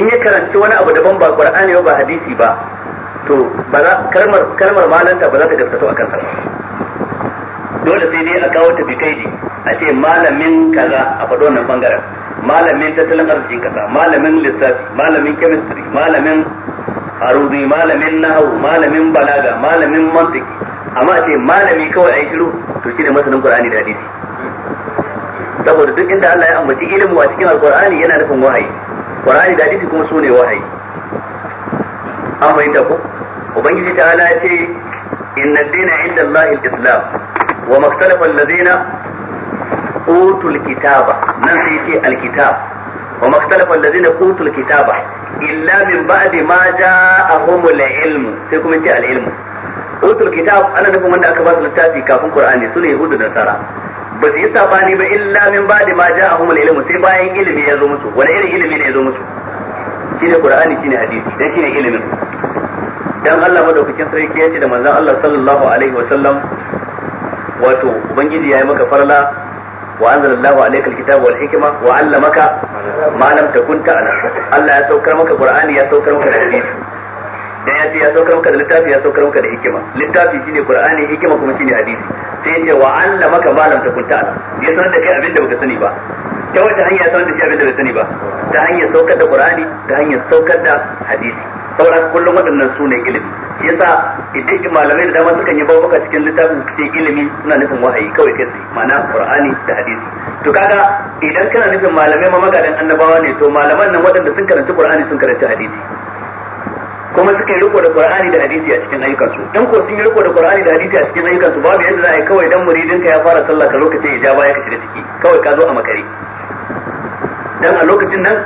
in ya karanci wani abu daban ba qur'ani ba hadisi ba to ba kalmar kalmar malanta ba za ta gaskato a kansa ba dole sai dai a kawo ta ne a ce malamin kaza a faɗo wannan bangaren malamin tattalin arzikin kaza malamin lissafi malamin chemistry malamin arudi malamin nahawu malamin balaga malamin mantiki amma a ce malami kawai ai shiru to shine masanin qur'ani da hadisi saboda duk inda Allah ya ambaci ilimi a cikin alqur'ani yana nufin wahayi qur'ani da hadisi kuma sune wahayi amma fahimta ko ubangiji ta'ala ya ce inna dina inda Allah al-islam wa maktalafa allazina utul kitaba nan sai ce alkitab wa maktalafa allazina utul kitaba illa min ba'di ma ja'ahumul ilmu sai kuma ce al ilmu utul kitab ana nufin wanda aka ba su littafi kafin qur'ani sune yahudu da nasara ba su yi sabani ba illa min ba'di ma ja'ahumul ilmu sai bayan ilimi ya zo musu wani irin ilimi ne ya zo musu shine qur'ani shine hadisi dan shine dan Allah madaukakin sarki ya ce da manzon Allah wato ubangiji ya yi maka farla wa Allahu alayka alkitaba wal hikma wa allamaka ma lam takun ta'lam Allah ya saukar maka qur'ani ya saukar maka hadisi dan ya ce ya saukar maka da littafi ya saukar maka da hikima littafi shine qur'ani hikima kuma shine hadisi sai ya ce wa allamaka ma lam takun ta'lam ya sanar da kai abin da baka sani ba ta wata hanya sanar da kai abin da bai sani ba ta hanyar saukar da qur'ani ta hanyar saukar da hadisi sauran kullum waɗannan su ne ilimi yasa idan malamai da dama sukan yi babuka cikin littafin sai ilimi suna nufin wahayi kawai kai ma'ana qur'ani da hadisi to kaga idan kana nufin malamai ma magadan annabawa ne to malaman nan waɗanda sun karanci qur'ani sun karanci hadisi kuma suka yi riko da qur'ani da hadisi a cikin ayyukansu dan ko sun yi riko da qur'ani da hadisi a cikin ayyukansu babu yadda za a yi kawai dan muridinka ya fara sallah ka lokacin ya ja baya ka shiga ciki kawai ka zo a makare dan a lokacin nan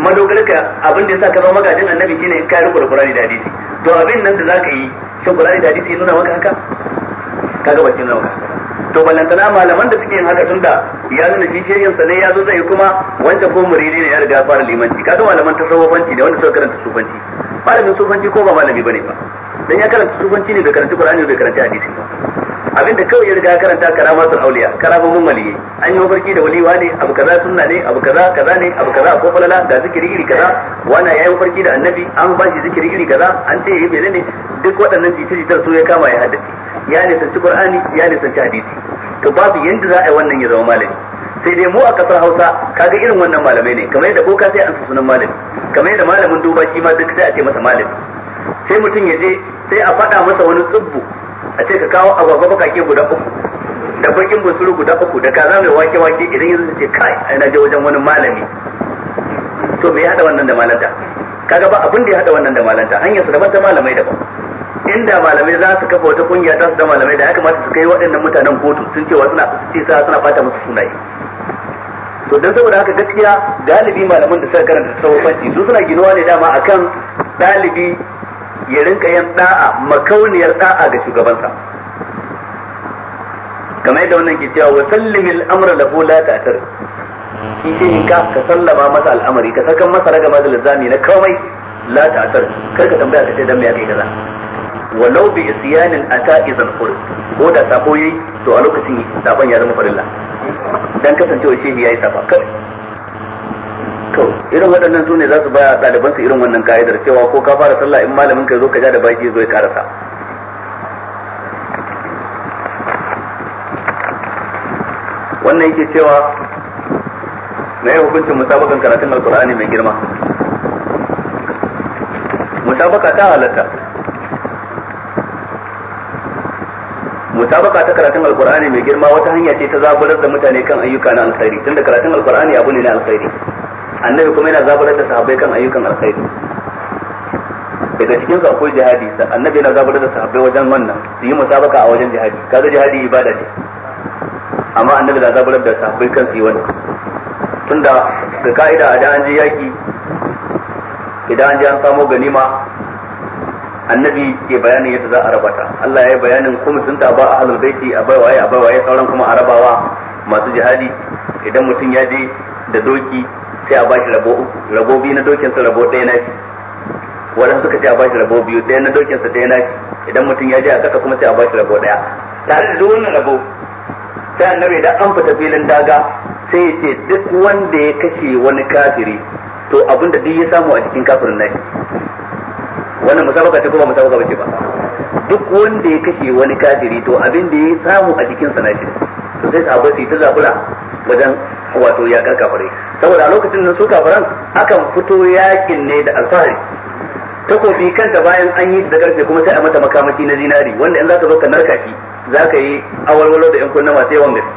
madogarka abin da yasa ka zama magajin annabi shine in ka riko da Qur'ani da hadisi to abin nan da zaka yi shi Qur'ani da hadisi nuna maka haka kaga ba nuna maka to ballantana malaman da suke yin haka tunda ya nuna shi shirin sa ne ya zo zai kuma wanda ko muridi ne ya riga fara limanci kaga malaman tasawufanci da wanda suka karanta sufanci malamin sufanci ko ba malami bane ba dan ya karanta sufanci ne bai karanta Qur'ani bai karanta hadisi ba abinda kawai ya riga karanta karamatul auliya karamomin waliyi an yi mafarki da waliwa ne abu kaza sunna ne abu kaza kaza ne abu kaza ko falala ga zikiri iri kaza wana yayi mafarki da annabi an ba shi zikiri iri kaza an ce yayi menene duk waɗannan jita-jitar su ya kama ya haddace ya nisanci qur'ani ya nisanci hadisi to babu yanda za a yi wannan ya zama malami sai dai mu a kasar Hausa kaga irin wannan malamai ne kamar yadda boka sai an sunan malami kamar yadda malamin duba shi ma duk sai a ce masa malami sai mutum ya je sai a faɗa masa wani tsubbu a ce ka kawo agwagwa bakake guda uku da bakin busuru guda uku da kaza mai wake wake idan yanzu ce kai ai na je wajen wani malami to me ya hada wannan da malanta kaga ba abin da ya hada wannan da malanta hanyar su daban ta malamai daban inda malamai za su kafa wata kungiya ta su da malamai da ya kamata su kai waɗannan mutanen kotu sun cewa suna sa suna fata musu sunaye to dan saboda haka gaskiya galibi malaman da suka karanta sauƙanci su suna ginuwa ne dama akan ɗalibi ya rinka yin da'a makauniyar da'a ga shugabansa kamar yadda wannan ke cewa wa sallimil amra lahu la ta'tar shi ce in ka ka sallama masa al'amari ka sakan masa ragama da lazami na komai la ta'tar kar ka tambaya ka ce dan me yake kaza walau bi isyanin ata izan fur ko da sabo yayi to a lokacin sabon ya zama farilla dan kasancewa ya yayi safa kai irin waɗannan su ne za su baya ɗaliban su irin wannan ka'idar cewa ko ka fara sallah in malamin ka zo ka ja da baki zo ya karasa wannan yake cewa na yi hukuncin musabakan karatun alkur'ani mai girma musabaka ta halatta musabaka ta karatun alkur'ani mai girma wata hanya ce ta zaburar da mutane kan ayyuka na alkhairi tunda karatun alkur'ani abu ne na alkhairi annabi kuma yana zaburar da sahabbai kan ayyukan alkhairi daga cikin su akwai jihadi annabi yana zaburar da sahabbai wajen wannan su yi musabaka a wajen jihadi kaga jihadi ibada ne amma annabi na zaburar da sahabbai kan su yi wannan tunda ga ka'ida a da an je yaki idan an je an samo ganima annabi ke bayanin yadda za a raba ta Allah ya yi bayanin kuma sun ta ba ahlul baiti a bai waye a bai waye sauran kuma arabawa masu jihadi idan mutum ya je da doki sai a bashi rabo uku rabo biyu na dokin sa rabo ɗaya na shi wadanda suka ce a bashi rabo biyu ɗaya na dokin sa ɗaya na shi idan mutum ya je a kasa kuma sai a bashi rabo ɗaya tare da wannan rabo sai annabi da an fita filin daga sai ya ce duk wanda ya kashe wani kafiri to abin da duk ya samu a cikin kafirin nashi wannan musabaka ce ko ba musabaka ba ce ba duk wanda ya kashe wani kafiri to abin da ya samu a cikin sa nashi to sai sahabbai su ta zabura wajen wato yakar kafirai saboda a lokacin da su kafiran akan fito yakin ne da alfahari takofi kanta bayan an yi da karfe kuma sai a mata makamashi na zinari wanda in zaka zo ka narka shi zaka yi awalwalo da yan kunna masu yawan gaske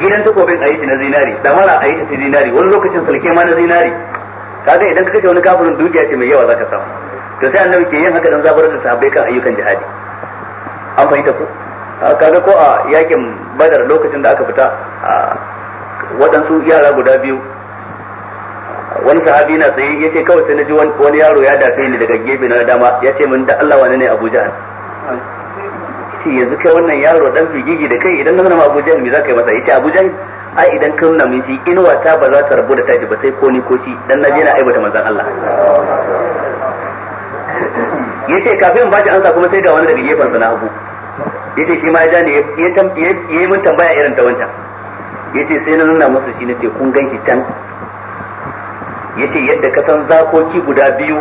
gidan takobin a yi shi na zinari mara a yi shi zinari wani lokacin sulke ma na zinari kaga idan ka kashe wani kafirin dukiya ce mai yawa zaka samu to sai annabi ke yin haka dan zabar da sahabbai kan ayyukan jihadi an fahimta ko kaga ko a yakin badar lokacin da aka fita waɗansu yara guda biyu wani sahabi na tsaye ya ce kawai sai na ji wani yaro ya dafe ni daga gefe na dama ya ce min da Allah wani ne Abuja Jahal ce yanzu kai wannan yaro dan figigi da kai idan na zama Abuja Jahal me za ka yi masa yace Abuja ai idan kan na min shi inuwa ta ba za ta rabu da taji ba sai ko ni ko shi dan na je na aibata manzon Allah yace kafin ba shi ansa kuma sai ga wani daga gefen sa na hagu yace shi ma ya ja ne ya yi min tambaya irin ta wancan yace sai na nuna musu shi nace kun shi can yace yadda ka san zakoki guda biyu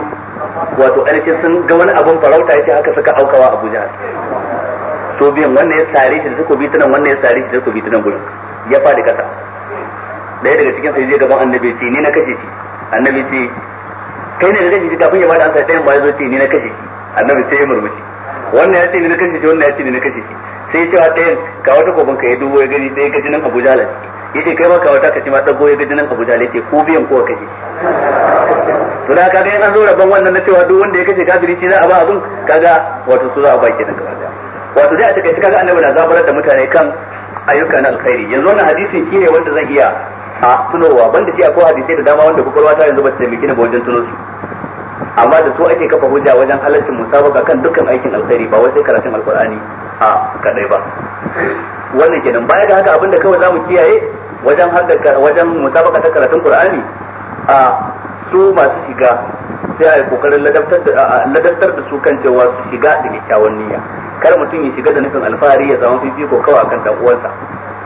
wato alce sun ga wani abun farauta yace haka suka aukawa Abuja to biyan wannan ya sare shi da suka bi tunan wannan ya sare shi da suka bi tunan gurin ya fadi kasa daya daga cikin sai je gaban annabi ce ni na kashe shi annabi ce kai ne da kashe shi kafin ya bada ansa dayan ba ya zo ce ni na kashe shi annabi sai ya murmushi wannan ya ce ni na kashe shi wannan ya ce ni na kashe shi sai cewa ɗayan ga wata goban ka ya dubo ya gani ɗaya gaji nan Abu ya ce kai ma ka wata ka ce ma ɗago ya gajinan nan Abu Jahl yace ko biyan kowa kaje to da kaga in an zo rabon wannan na cewa duk wanda ya kace kafiri shi za a ba abun kaga wato su za a baki daga nan wato dai a take kaga annabi na zabarar da mutane kan ayyuka na alkhairi yanzu wannan hadisin ne wanda zan iya a tunowa banda shi akwai hadisai da dama wanda kwakwalwa ta yanzu ba ta taimaki na ba wajen tuno su amma da su ake kafa hujja wajen halarcin musabaka kan dukkan aikin alkhairi ba wai sai karatun alkur'ani a kadai ba wannan kenan baya ga haka abinda kawai zamu kiyaye wajen haddaka wajen musabaka ta karatun Qur'ani a su masu shiga sai a yi kokarin ladabtar da su kan cewa su shiga da kyakkyawan niyya kar mutum ya shiga da nufin alfahari ya zama fifiko kawai akan dan uwansa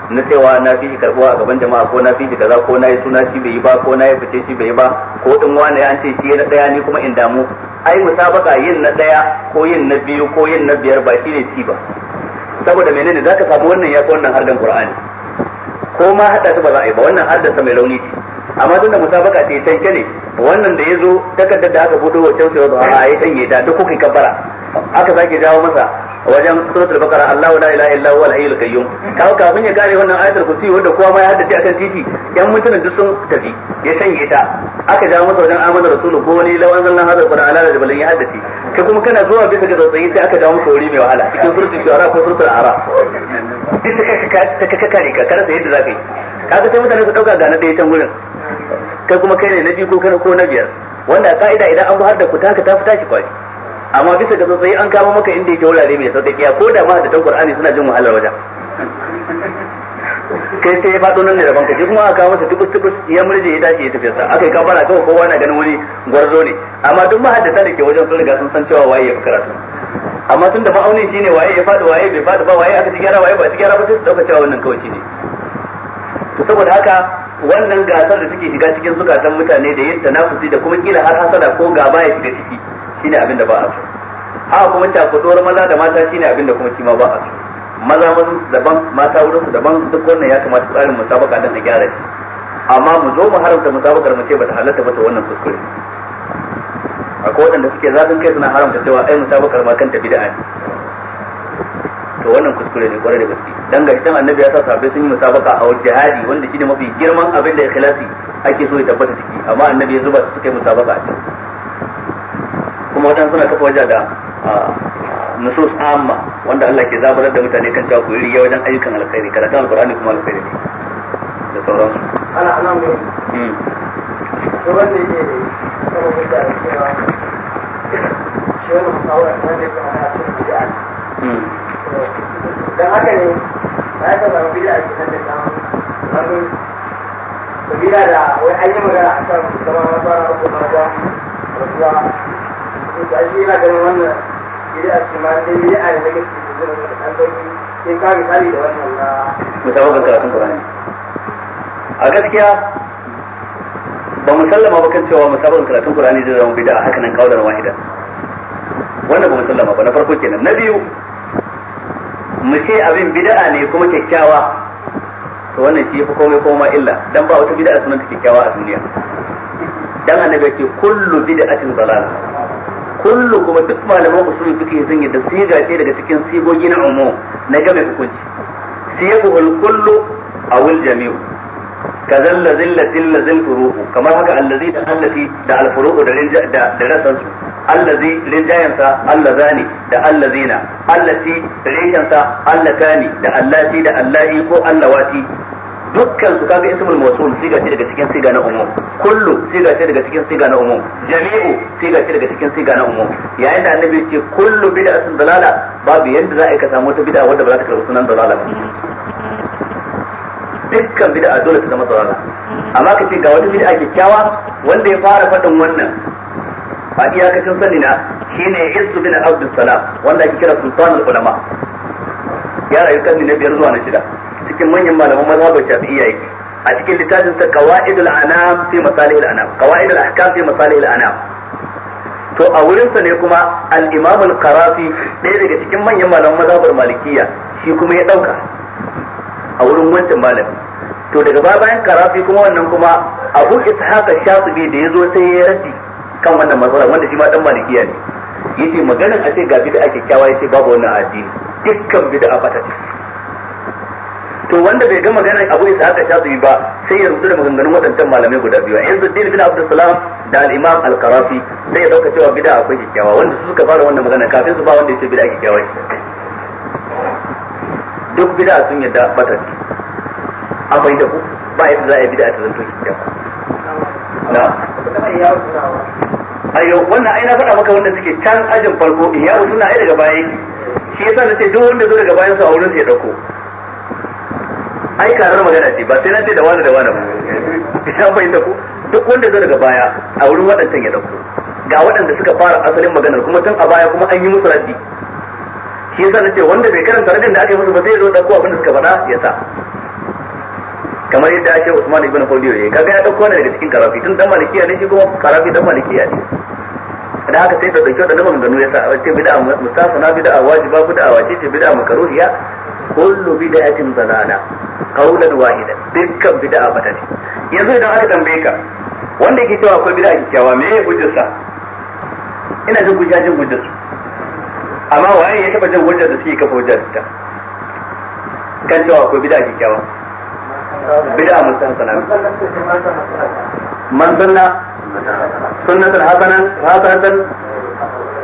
na cewa na fi karbuwa a gaban jama'a ko na fi kaza ko na yi suna shi bai yi ba ko na yi fice shi bai yi ba ko din wani an ce shi na daya ni kuma in damu ai musabaka yin na daya ko yin na biyu ko yin na biyar ba shi ne ci ba saboda menene zaka samu wannan ya wannan hardan qur'ani ko ma hada su ba za a yi ba wannan hardan sa mai rauni ce amma tunda musabaka ce tanke ne wannan da yazo takardar da aka buɗo wa tausayi ba a yi tanye da duk kuka kabbara aka sake jawo masa wajen suratul bakara Allahu la ilaha illa huwa al-hayyul qayyum kawo kafin ya kare wannan ayatul kursi wanda kowa ma ya haddace akan titi yan mutanen duk sun tafi ya shanye ta aka jawo masa wajen amana rasulu ko wani lawan zallan hadal qur'an qurana ala jabalin ya haddace ka kuma kana zuwa bisa ga tsotsayi sai aka jawo masa wuri mai wahala cikin suratul shu'ara ko suratul ara duk ta kaka kare ka kada sai yadda zaka yi kaga sai mutane su dauka ga na ɗaya can gurin kai kuma kai ne na biyu ko na biyar wanda ka'ida idan an bu da ku ta ka ta fita shi kwaci amma bisa ga sai an kama maka inda yake wurare mai sauƙaƙiya ko da ma da tan Qur'ani suna jin wahalar wajen kai sai ya faɗo nan ne daban kaji kuma aka kawo masa tukus tukus ya murje ya tashi ya tafi sa aka yi kafara kawai kowa na ganin wani gwarzo ne amma duk mahaddata da ke wajen sun riga sun san cewa waye ya fi karatu amma tun da ma'aunin shine waye ya faɗi waye bai faɗi ba waye aka ci gyara waye ba ci gyara ba sai su ɗauka cewa wannan kawai ne. to saboda haka wannan gasar da suke shiga cikin zukatan mutane da yin tanafusi da kuma kila har hasada ko gaba ya shiga ciki shine abin da ba a so haka kuma cakuɗuwar maza da mata shine abin da kuma kima ba a so maza wurin daban mata wurin su daban duk wannan ya kamata tsarin musabaka dan a gyara shi amma mu zo mu haramta musabakar mu ce bata halatta ba ta wannan kuskure akwai waɗanda suke zafin kai suna haramta cewa ai musabakar ma kanta bid'a ne to wannan kuskure ne kwarai da gaske dan ga hidan annabi ya sa sahabbai sun yi musabaka a wajen jihadi wanda shine mafi girman abin da ya khilafi ake so ya tabbata ciki amma annabi ya zuba su suka yi musabaka a cikin kuma wadansu suna kafa waje da nusus amma wanda Allah ke zabarar da mutane kan cewa ku yi riya wajen ayyukan alkhairi karatun alkur'ani kuma alkhairi ne da sauransu ana ana mai hmm. to wanda yake ne kuma mun da cewa shi wannan kawai na ne kuma na cikin bid'a hmm. dan haka ne ya ta ba bid'a ce nan da kan wani sabila da wai an yi magana akan kamar masara ko mata da shi yana ganin wannan bid'a ce ma dai bid'a ne daga cikin zuwa da dan dauki sai ka misali da wannan na musabakan karatun Qur'ani a gaskiya ba mu sallama ba kan cewa musabakan karatun Qur'ani zai zama bid'a haka nan kaulan wahida wannan ba mu sallama ba na farko kenan na biyu mu ce abin bid'a ne kuma kyakkyawa to wannan shi fa komai koma illa dan ba wata bid'a sunan kikkiawa a duniya dan annabi ce kullu bid'atin dalala Kullum, kuma duk malaman usuli suke sun yadda siga ce daga cikin sigogi na umu na game hukunci siyabuhul kullu awil jami'u kazal la zilla zilla zil furu'u kamar haka allazi da allati da al furu'u da da rasan su allazi rinjayansa allazani da allazina allati rinjayansa allatani da allati da allahi ko allawati dukkan su kaga ismul mawsul siga ce daga cikin siga na umum kullu siga ce daga cikin siga na umum jami'u siga ce daga cikin siga na umum yayin da annabi ce kullu bid'atun dalala babu yanda za a ka samu wata bid'a wadda ba za ta karɓi sunan dalala ba dukkan bid'a dole ta zama dalala amma kace ga wata bid'a kyakkyawa wanda ya fara fadin wannan a iyakacin sani na shine izzu bin abdus salam wanda ake kira sultanul ulama ya rayu karni na biyar zuwa na shida cikin manyan malaman mazhabin shafi'iyya yake a cikin littafin sa qawaidul anam fi masalihil anam qawaidul ahkam fi masalihil anam to a wurin sa ne kuma al-imam al-qarafi ɗaya daga cikin manyan malaman mazhabar malikiyya shi kuma ya ɗauka a wurin wancan malami to daga baya bayan karafi kuma wannan kuma abu ishaqa shafi'i da yazo sai ya raddi kan wannan matsala wanda shi ma dan malikiyya ne yace maganar a ce ga bid'a kyakkyawa yace babu wannan addini dukkan bid'a fata ce to wanda bai ga magana Abu Isa aka shafi ba sai ya rubuta da maganganun waɗancan malamai guda biyu din bin Abdul Salam da al-Imam al-Qarafi sai ya dauka cewa bid'a akwai kikkiawa wanda su suka fara wannan magana kafin su ba wanda yake bid'a kikkiawa duk bid'a sun yadda bata ce akwai da ku ba yadda za a yi bid'a ta zanto kikkiawa na ayo wannan ai na faɗa maka wanda suke can ajin farko ya suna ai daga baya shi yasa nace duk wanda zo daga bayan sa a wurin sai ya dauko ai karar magana ce ba sai na ce da wani da wani ba ina bai da ku duk wanda zai daga baya a wurin waɗancan ya dauko ga waɗanda suka fara asalin maganar kuma tun a baya kuma an yi musu raddi shi yasa nace wanda bai karanta raddin da aka yi musu ba zai zo dauko abin da suka faɗa ya sa kamar yadda ake Usman ibn Fawdiyo yayi kaga ya dauko ne daga cikin karafi tun dan malikiya ne shi kuma karafi dan malikiya ne da haka sai da dauki wadannan maganganu ya sa ce bid'a na bid'a wajiba bid'a wajibi bid'a makruhiya kullu bid'atin dalala qawlan wahida dukkan bid'a bata ne yanzu idan aka tambaye ka wanda yake cewa akwai bid'a kikkiawa me ya hujjar sa ina jin hujja jin hujjar amma waye ya taba jin hujjar da suke kafa hujjar ta kan cewa akwai bid'a kikkiawa bid'a mustahsana man sunna sunnatan hasanan hasanatan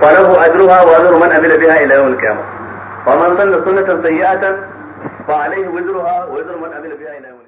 falahu ajruha wa ajru man amila biha ila yawm al-qiyamah ومن ضل سنة سيئة فعليه وزرها وزر من عمل بها إلى يوم